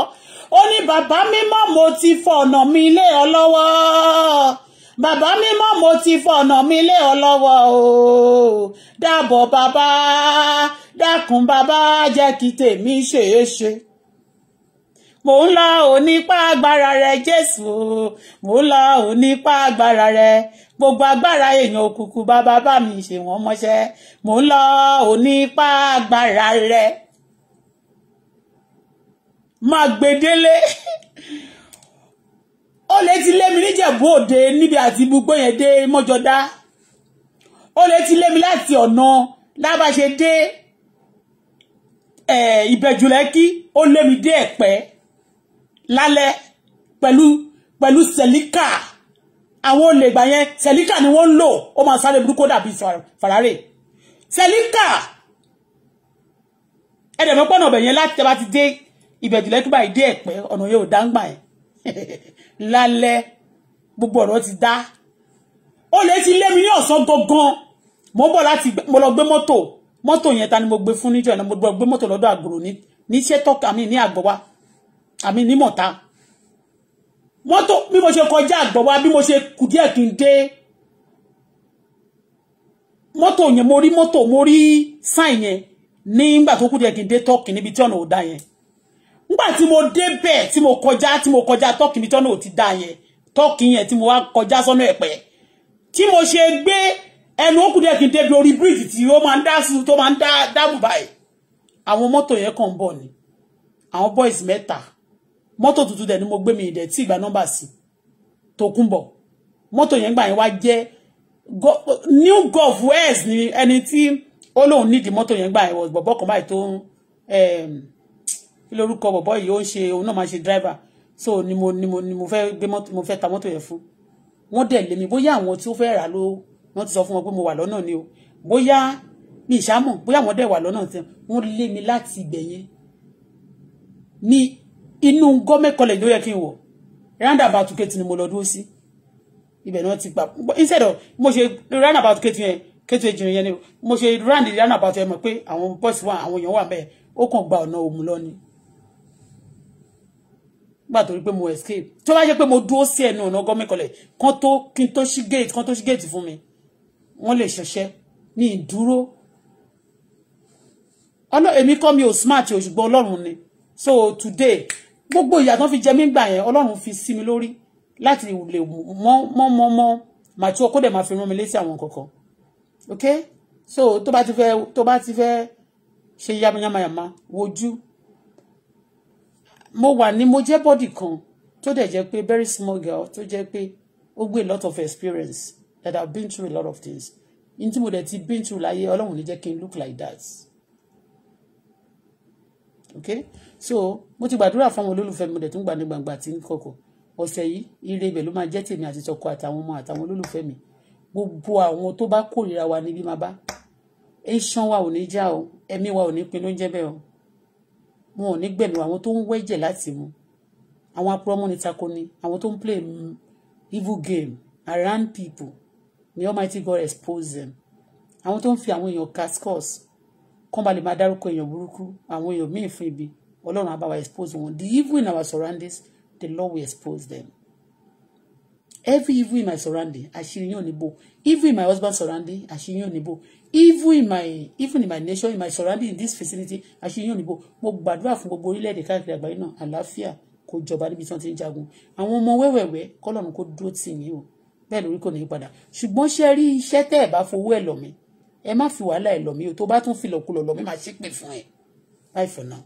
ó ní bàbá mímọ́ mo ti fọ ọ̀nà mi lé ọ lọ́wọ́ bàbá mímọ́ mo ti fọ̀nà mi lé ọ lọ́wọ́ o dábọ̀ bàbá dákun bàbá jẹ́ kí tèmi ṣeé ṣe mò ń lọ onípa agbára rẹ jésù mò ń lọ onípa agbára rẹ gbogbo agbára èèyàn òkùnkùn bàbá bá mi ṣe wọ́n mọ́ṣẹ́ mò ń lọ onípa agbára rẹ má gbedele olè ti lé mi níjẹ̀bú òde níbi àti gbogbo yẹn dé mọ́jọ́dá olè ti lé mi láti ọ̀nà lábàṣe dé ìbẹ̀jùlẹ́kí ó lé mi dé ẹ̀pẹ́ lálẹ́ pelu pẹ̀lú sẹ̀líkà àwọn olè ìgbà yẹn sẹ̀líkà ni wọ́n ń lò ó máa sáré burúkú dàbí fàràrè sẹ̀líkà ẹ̀dẹ̀mọ́pọ̀nà ọ̀bẹ̀ yẹn láti tẹ́ bá ti dé ìbẹ̀jùlẹ́kí báyìí dé ẹ̀pẹ́ ọ̀nà yóò dáńgbà yẹn lálẹ́ gbogbo ọ̀rọ̀ ti dá ó lè ti lé mi ní ọ̀sán gangan mo bọ̀ láti mo lọ gbé mọ́tò mọ́tò yẹn ta ni mo gbé fún níjọ́ ìná mo gbé mọ́tò lọ́dọ̀ àgbòrò ní ní sẹ́tọ́ àmì ní àgbọ̀wá àmì ní mọ̀ta mọ́tò bí mo ṣe kọjá àgbọ̀wá bí mo ṣe kù díẹ̀ kí n dé mọ́tò yẹn mo rí mọ́tò mo rí sáìn yẹn nígbà tó kù díẹ̀ kí n dé tọ́kì níbi tí ọ̀nà ò dá yẹn nígbà tí mo débẹ̀ tí mo kọjá tí mo kọjá tọ́kì mi tọ́nà ò ti dá yẹn tọ́kì yẹn tí mo wá kọjá sọ́nà ẹ̀pẹ́ tí mo ṣe gbé ẹnu ó kù díẹ̀ kí n débi orí bíríìjì tí ó máa ń dá sí tó máa ń dá dáàbò báyìí àwọn mọ́tò yẹn kàn ń bọ̀ ni àwọn boys mẹ́ta mọ́tò tuntun dẹ̀ ni mo gbé mi ìdẹ̀ tí ìgbà nọ́mbà sí tó kún bọ̀ mọ́tò yẹn gbà yẹn wá jẹ́ new gulf west ni ẹni tí ó lóun nídìí mọ́tò yẹn gbà yẹn wọ̀ bọ̀bọ̀ báyìí tó ń kí lórúkọ bọ̀bọ̀ yìí ó ń ṣe òun náà máa ṣe driver so ni mo ni mo ni mo fẹ́ gbé mọ́tò mo fẹ́ ta mọ́tò yẹn fún wọ́n dẹ̀ lé mi bóyá àwọn tí ó fẹ́ rà ló wọ́n ti sọ fún wọn pé mo wà lọ́nà ni o bóyá mi ìṣámọ̀ bóyá àwọn dẹ̀ wà lọ́nà tí wọ́n lé mi láti ibẹ̀ yẹn ní inú gọ́mẹ̀ college ló yẹ kí n wọ̀ roundabout kẹ́tì ni mo lọ dúró sí ibẹ̀ náà ti gbà instead of mo ṣe roundabout kẹ́tì yẹn kẹ́tì ejìnrìn yẹn ni mo ṣe round roundabout yẹn mọ̀ pé àwọn boys wà àwọn èèyàn wà bẹ́ẹ̀ ó kàn gba ọ̀nà òmùlọ ni nígbà tó rí pé mo escape tó bá jẹ́ pé mo dúró sí ẹnu ọ̀nà gọ́ọ̀mì kọlẹ̀ kan tó kí n tó ṣí gate kan tó ṣí gate fún mi wọ́n lè ṣẹ̀ṣẹ̀ ní ìdúró èmi kọ́ mi ò smart o ṣùgbọ́n ọlọ́run ni so today gbogbo ìyà tán fi jẹ mí gbà yẹn ọlọ́run fi sí mi lórí láti lè mọ́ mọ́ mọ́ mọ́ màtí ọkọ́ dẹ̀ máa fi rán mi létí àwọn kankan ok so tó bá ti fẹ́ tó bá ti fẹ́ ṣe yamayama wojú mo wà ní mo jẹ́ bọ́dì kan tó dẹ̀ jẹ́ pé very small girl tó jẹ́ pé ó gbé a lot of experience that I've been through a lot of things in tí mo dẹ̀ ti been through láyé ọlọ́run ní jẹ́ kí n look like that okay so mo ti gbàdúrà fún àwọn olólùfẹ́ mi dẹ̀ tún gbà ní gbàngbà tí ń kọ̀kọ̀ ọ̀sẹ̀ yìí ire ibẹ̀ ló máa jẹ́ tèmi àti tọkọ àtàwọn ọmọ àtàwọn olólùfẹ́ mi gbogbo àwọn tó bá kórìíra wa níbí máa bá ẹ̀ṣán wa ò ní já o ẹ̀mí wa ò ní pin ló ń jẹ́ bẹ́ẹ̀ o wọn ò ní gbẹ̀mí àwọn tó ń wẹ́jẹ̀ láti mu àwọn apurọ́mọ́ ni tako ni àwọn tó ń play evil game around people may almighty God expose them àwọn tó ń fi àwọn èèyàn cascos kán ba lè máa dárúkọ èèyàn burúkú àwọn èèyàn míì fún ibi ọlọ́run á expose wọn the evil in our surroundings the Lord will expose them every evil in my surrounding àṣírí yóò níbo evil in my husband surrounding àṣírí yóò níbo even in my even in my nation in my surrounding in this facility àṣeyàn òyìnbó mo gbàdúrà fún gbogbo orílẹ̀-èdè káàkiri àgbáyé náà àlàáfíà kó jọba níbi tí wọ́n ti ń jagun àwọn ọmọ wẹ́wẹ̀wẹ́ kọ́lọ́run kó dúró tì yín o bẹ́ẹ̀ lórí kò ní í padà ṣùgbọ́n ṣe rí iṣẹ́ tẹ́ ẹ̀ bá fowó ẹ̀ lọ̀ ẹ má fi wàhálà ẹ̀ lọ̀ mí o tó bá tún fi lọ̀kulọ̀ lọ̀ mí máa ṣépè fún ẹ̀ báyìí for now.